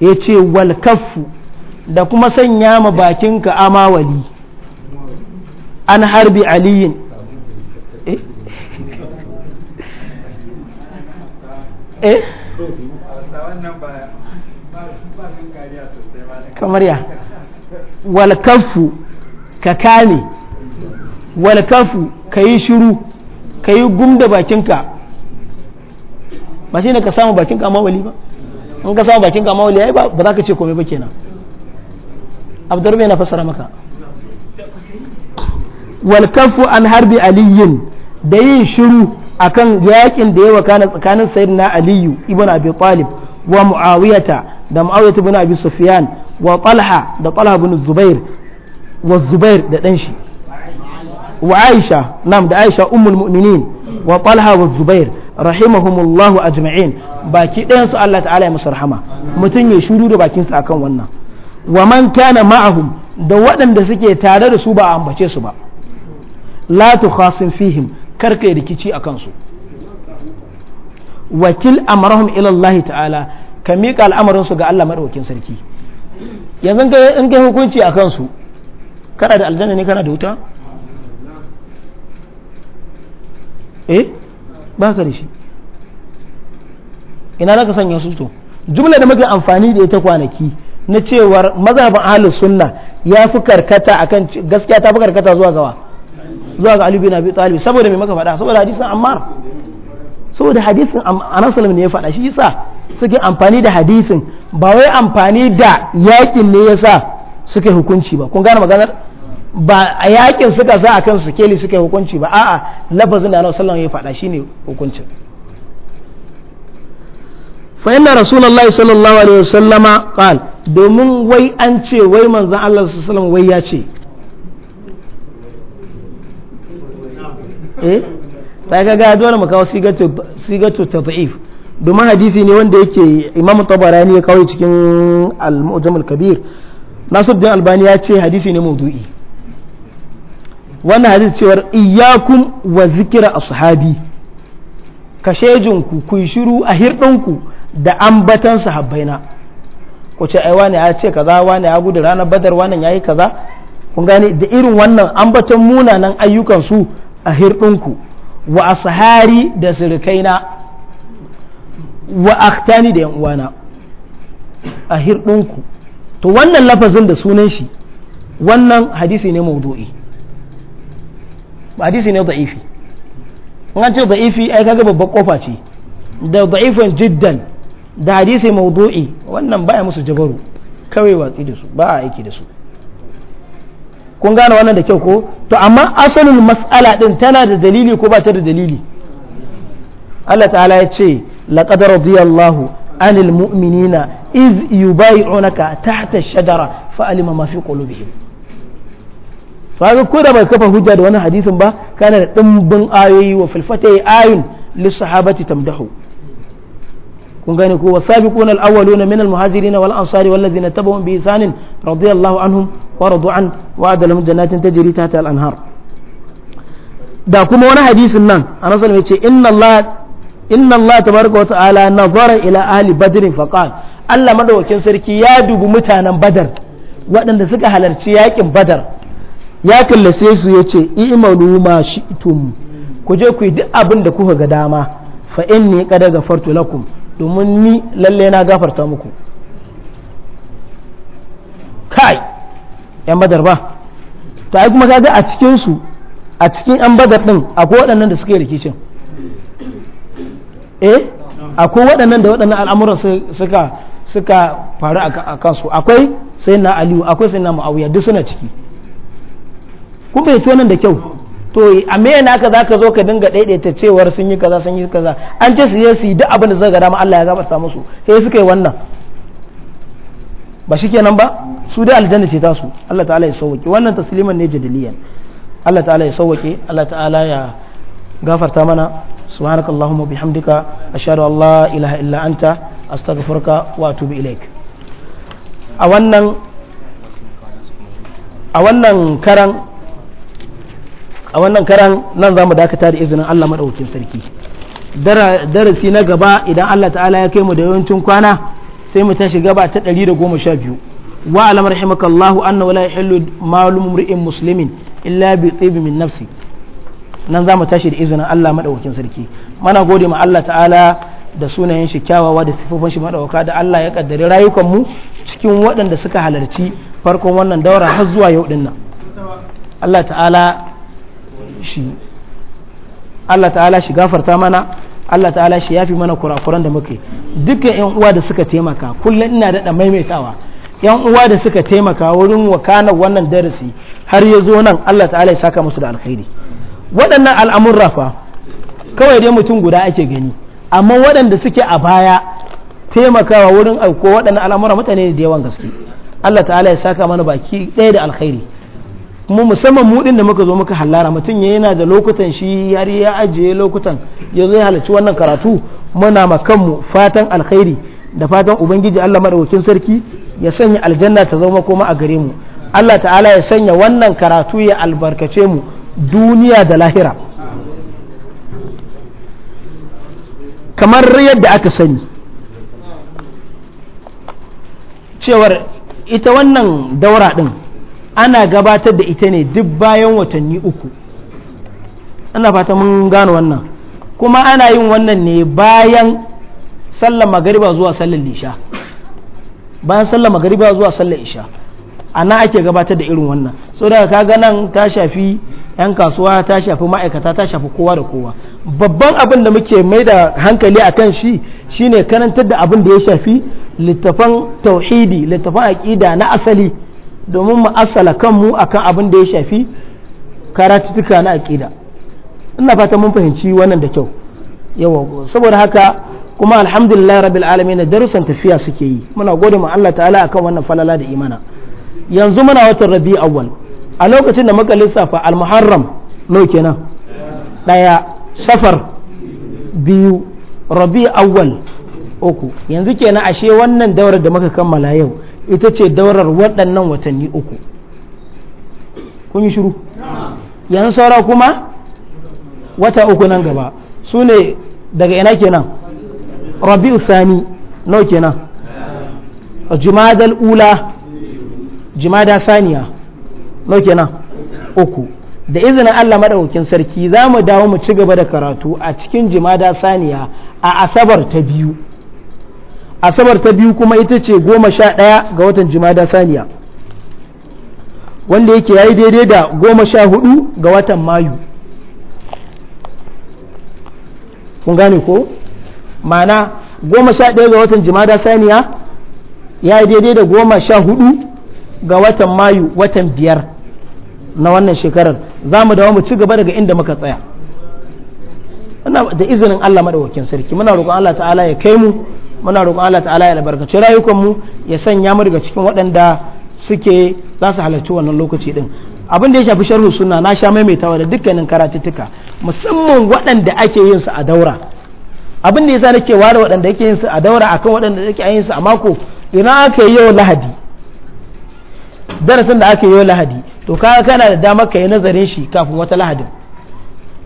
يتي والكف da kuma sanya ma bakinka amawali an harbi aliyin eh kamar ya walkafu ka kame walkafu ka yi shiru ka yi gum da bakinka ba shi ne ka samu bakinka mawali ba in ka samu bakinka mawali ai ba za ka ce komai ba kenan mai na fasara maka walkafu an harbi aliyin da yin shiru akan yakin da ya wakana tsakanin sayyidina aliyu ibn abi talib wa muawiyata da muawiyata ibn abi sufyan wa talha da talha ibn zubair wa zubair da dan shi wa aisha nam da aisha ummul mu'minin wa talha wa zubair rahimahumullahu ajma'in baki dayan su Allah ta'ala ya musu rahama mutum ya shuru da bakin sa akan wannan wa man kana ma'ahum da waɗanda suke tare da su ba a ambace su ba la tukhasim fihim kar kai rikici a kansu wakil amarahum ila Allah ta'ala ka miƙa al'amarin ga Allah maɗaukin sarki yanzu in kai hukunci a kansu kana da aljanna ne kana da wuta eh ba ka da shi ina za ka sanya su to jumla da muke amfani da ita kwanaki na cewar mazhabin ahlus sunna ya fi karkata akan gaskiya ta fi karkata zuwa gawa zuwa ga Ali bin Abi Talib saboda me maka faɗa saboda hadisin Ammar saboda hadisin Anas sallallahu ne ya faɗa shi yasa suke amfani da hadisin ba wai amfani da yakin ne yasa suke hukunci ba kun gane maganar ba a yakin suka sa akan su keli suke hukunci ba a'a lafazin da Annabi sallallahu ya faɗa shine hukuncin fa inna rasulullahi sallallahu alaihi wasallama qala domin wai an ce wai manzon Allah sallallahu alaihi wasallam wai ya ce Eh? ta ga dole mu kawo sigatu sigatu tad'if domin hadisi ne wanda yake imamu tabarani ya kawo cikin al-mu'jam al-kabir nasiruddin albani ya ce hadisi ne mawdu'i wannan hadisi cewar iyyakum wa zikra ashabi kashejinku ku shiru a hirdinku da ambatan sahabbaina ko ce ai wani ya ce kaza wani ya gudu ranar badar wannan yayi kaza kun gane da irin wannan ambaton munanan ayyukan su a hirɗinku wa ashari da sirikaina wa da yan uwana a hirɗinku to wannan lafazin da sunan shi wannan hadisi ne maudu'i hadisi ne da'ifi an ce da'ifi ai kaga babbar kofa ce da da'ifan jiddan da hadisi maudu'i wannan baya musu jabaru kawai watsi da su ba a aiki da su kun gane wannan da kyau ko to amma asalin mas'ala din tana da dalili ko ba ta da dalili Allah ta'ala ya ce laqad radiyallahu anil mu'minina iz yubay'unaka tahta shajara fa alima ma fi qulubihim fa ko da bai kafa hujja da wani hadisin ba kana da dimbin ayoyi wa fil fatayi ayun lis sahabati tamdahu kun gane ko wasabiquna al-awwaluna min al-muhajirin wal ansari wal ladina tabawun bi ihsan radiyallahu anhum wa radu an wa adalahum jannatin tajri tahta al-anhar da kuma wani hadisin nan annabi sallallahu ya ce inna Allah inna Allah tabaraka wa ta'ala nazara ila ahli badr fa qala Allah madaukakin sarki ya dubi mutanen badar waɗanda suka halarci yakin badar ya kallace su ya ce i'malu ma shi'tum ku je ku yi duk abin da kuka ga dama fa inni qad ghafartu lakum domin ni lalle na gafarta muku kai yan badar ba to ai kuma kaga a cikin su a cikin yan badar din akwai waɗannan da suka yi rikicin eh akwai waɗannan da waɗannan al'amuran suka suka faru a kansu akwai sai na aliyu akwai sai na ma'auya duk suna ciki kun bai nan da kyau to a me naka zaka zo ka dinga daidaita cewar sun yi kaza sun yi kaza an ce su yi su yi duk abin da zai ga dama Allah ya gabata musu sai suka yi wannan ba shikenan ba su dai aljanna ce ta su Allah ta'ala ya sauke wannan tasliman ne jadiliyan Allah ta'ala ya sauke Allah ta'ala ya gafarta mana subhanakallahumma bihamdika ashhadu an la ilaha illa anta astaghfiruka wa atubu ilaik a wannan a wannan karan a wannan karan nan za mu dakata da izinin Allah maɗaukin sarki darasi na gaba idan Allah ta'ala ya kai mu da yawancin kwana sai mu tashi gaba ta 112 wa alam rahimakallahu anna wala yahillu malum mur'in muslimin illa bi tibin min nafsi nan za mu tashi da izinin Allah maɗaukin sarki mana gode ma Allah ta'ala da sunayen shi kyawawa da sifofin shi maɗauka da Allah ya rayukan rayukanmu cikin waɗanda suka halarci farkon wannan daura har zuwa yau ɗin Allah ta'ala shi Allah ta'ala shi gafarta mana Allah ta'ala shi yafi mana kurakuran da muke dukkan yan uwa da suka taimaka kullum ina daɗa maimaitawa yan uwa da suka taimaka wurin wakana wannan darasi har ya zo nan Allah ta'ala ya saka musu da alkhairi waɗannan al'amurra fa kawai dai mutum guda ake gani amma waɗanda suke a baya taimakawa wurin auko waɗannan al'amura mutane ne da yawan gaske Allah ta'ala ya saka mana baki ɗaya da alkhairi mu musamman mu din da muka zo muka hallara mutum ya yana da lokutan shi har ya ajiye lokutan ya zo ya halarci wannan karatu muna ma kanmu fatan alkhairi da fatan ubangiji Allah madaukakin sarki ya sanya aljanna ta zama koma a gare mu Allah ta'ala ya sanya wannan karatu ya albarkace mu duniya da lahira kamar yadda aka sani cewar ita wannan daura din ana gabatar da ita ne duk bayan watanni uku ana fata mun gano wannan kuma ana yin wannan ne bayan sallar magariba zuwa sallar isha bayan sallar magariba zuwa sallar isha a ake gabatar da irin wannan so daga ga nan ta shafi 'yan kasuwa ta shafi ma'aikata ta shafi kowa da kowa babban abin da muke mai da hankali a kan shi shine karantar da abin da ya shafi littafan tauhidi littafan aƙida na asali domin mu asala kanmu akan abin da ya shafi karatutuka na aƙida ina fata mun fahimci wannan da kyau yawa saboda haka kuma alhamdulillah rabbil alamin darussan tafiya suke yi muna gode ma Allah ta'ala akan wannan falala da imana yanzu muna watan rabi awwal a lokacin da muka lissafa al-muharram no kenan daya safar biyu rabi awwal uku yanzu kenan ashe wannan daurar da muka kammala yau ita ce daurar waɗannan watanni uku kun yi shiru yanzu saura kuma wata uku nan gaba su ne daga ina kenan rabi usani nau kenan jimadar ula jimada saniya nau kenan uku da izinin Allah maɗaukin sarki za mu dawo mu ci gaba da karatu a cikin jimada saniya a asabar ta biyu asabar ta biyu kuma ita ce goma sha ɗaya ga watan jimada saniya wanda yake yayi daidai da goma sha hudu ga watan mayu kun gane ko ma'ana goma sha ɗaya ga watan jimada saniya ya yi daidai da goma sha hudu ga watan mayu watan biyar na wannan shekarar za mu dawo mu ci gaba daga inda muka tsaya da izinin allah maɗaukakin sarki muna roƙon allah ta'ala ya kai mu muna roƙon Allah ta'ala ya albarkaci rayukanmu ya sanya mu daga cikin waɗanda suke za su halarci wannan lokaci din abin da ya shafi sharhu sunna na sha maimaitawa da dukkanin karatuttuka musamman waɗanda ake yin su a daura abin da yasa nake ware waɗanda ake yin su a daura akan waɗanda ake yin su a mako idan aka yi yau lahadi darasin da aka yi yau lahadi to ka kana da dama ka yi nazarin shi kafin wata lahadin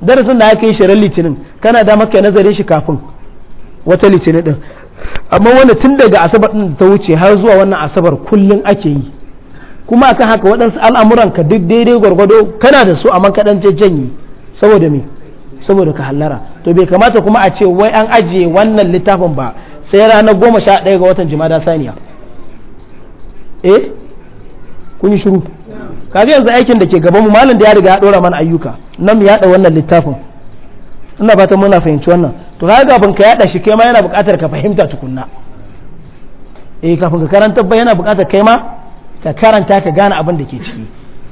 darasin da aka yi shirin litinin kana da dama ka yi nazarin shi kafin wata litinin din amma wanda tun daga asabar din ta wuce har zuwa wannan asabar kullun ake yi kuma akan haka waɗansu al'amuran ka duk daidai gwargwado kana da su amma kaɗan janye saboda me saboda ka hallara to bai kamata kuma a ce wai an ajiye wannan littafin ba sai ranar goma sha ɗaya ga watan jimada saniya eh kun yi shiru kafin yanzu aikin da ke gaban mu malam da ya riga ya ɗora mana ayyuka nan mu yaɗa wannan littafin ina fatan muna fahimci wannan to kaga kafin ka yada shi kai ma yana buƙatar ka fahimta tukunna eh kafin ka karanta ba yana buƙatar kai ma ka karanta ka gane abin da ke ciki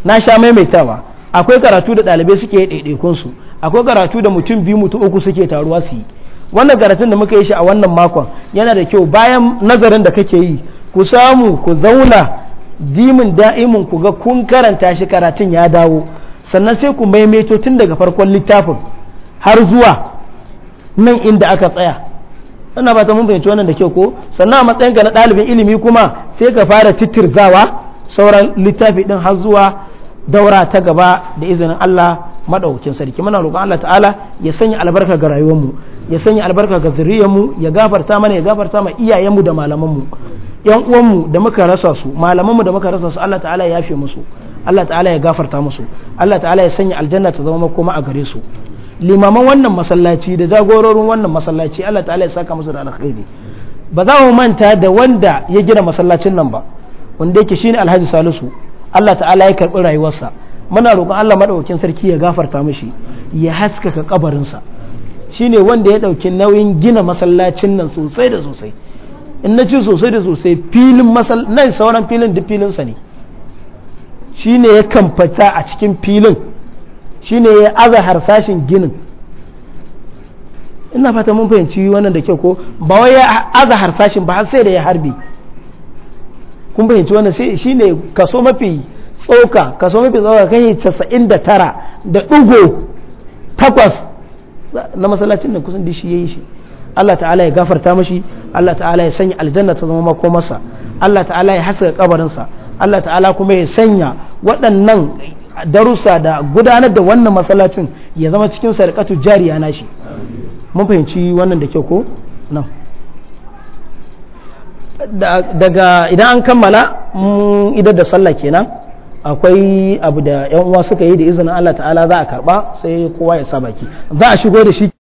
na sha maimaitawa akwai karatu da ɗalibai suke yi su akwai karatu da mutum biyu mutu uku suke taruwa su yi wannan karatun da muka yi shi a wannan makon yana da kyau bayan nazarin da kake yi ku samu ku zauna dimin da'imin ku ga kun karanta shi karatun ya dawo sannan sai ku maimaito tun daga farkon littafin har zuwa nan inda aka tsaya ina ba ta mun bayyance wannan da kyau ko sannan a matsayin ka na ɗalibin ilimi kuma sai ka fara titirzawa sauran littafi din har zuwa daura ta gaba da izinin Allah madaukakin sarki muna roƙon Allah ta'ala ya sanya albarka ga rayuwarmu ya sanya albarka ga zuriyarmu ya gafarta mana ya gafarta ma iyayenmu da malamanmu yan uwanmu da muka rasa su malamanmu da muka rasa su Allah ta'ala ya yafe musu Allah ta'ala ya gafarta musu Allah ta'ala ya sanya aljanna ta zama makoma a gare su limaman wannan masallaci da jagororin wannan masallaci Allah ta'ala ya saka musu da alkhairi ba za mu manta da wanda ya gina masallacin nan ba wanda yake shine Alhaji Salisu Allah ta'ala ya karbi rayuwarsa muna roƙon Allah madaukakin sarki ya gafarta mishi ya haskaka kabarinsa shine wanda ya dauki nauyin gina masallacin nan sosai da sosai in na ci sosai da sosai filin masal nan sauran filin duk filinsa ne shine ya kamfata a cikin filin shine ya aza harsashin ginin ina fata mun fahimci wannan da kyau ko ba wai ya aza harsashin ba har sai da ya harbi kun fahimci wannan shi shine kaso mafi tsoka kaso mafi tsoka kai casa'in da tara da ɗugo takwas na masallacin da kusan dishi yi shi Allah ta'ala ya gafarta mashi Allah ta'ala ya sanya aljanna ta zama makomarsa Allah ta'ala ya haska kabarinsa Allah ta'ala kuma ya sanya waɗannan darussa da gudanar da wannan masallacin ya zama cikin sarkatu jariya nashi mun fahimci wannan da kyau ko nan daga idan an kammala idar da sallah kenan akwai abu da yan uwa suka yi da izinin Allah ta'ala za a karba sai kowa ya sa baki za a shigo da shi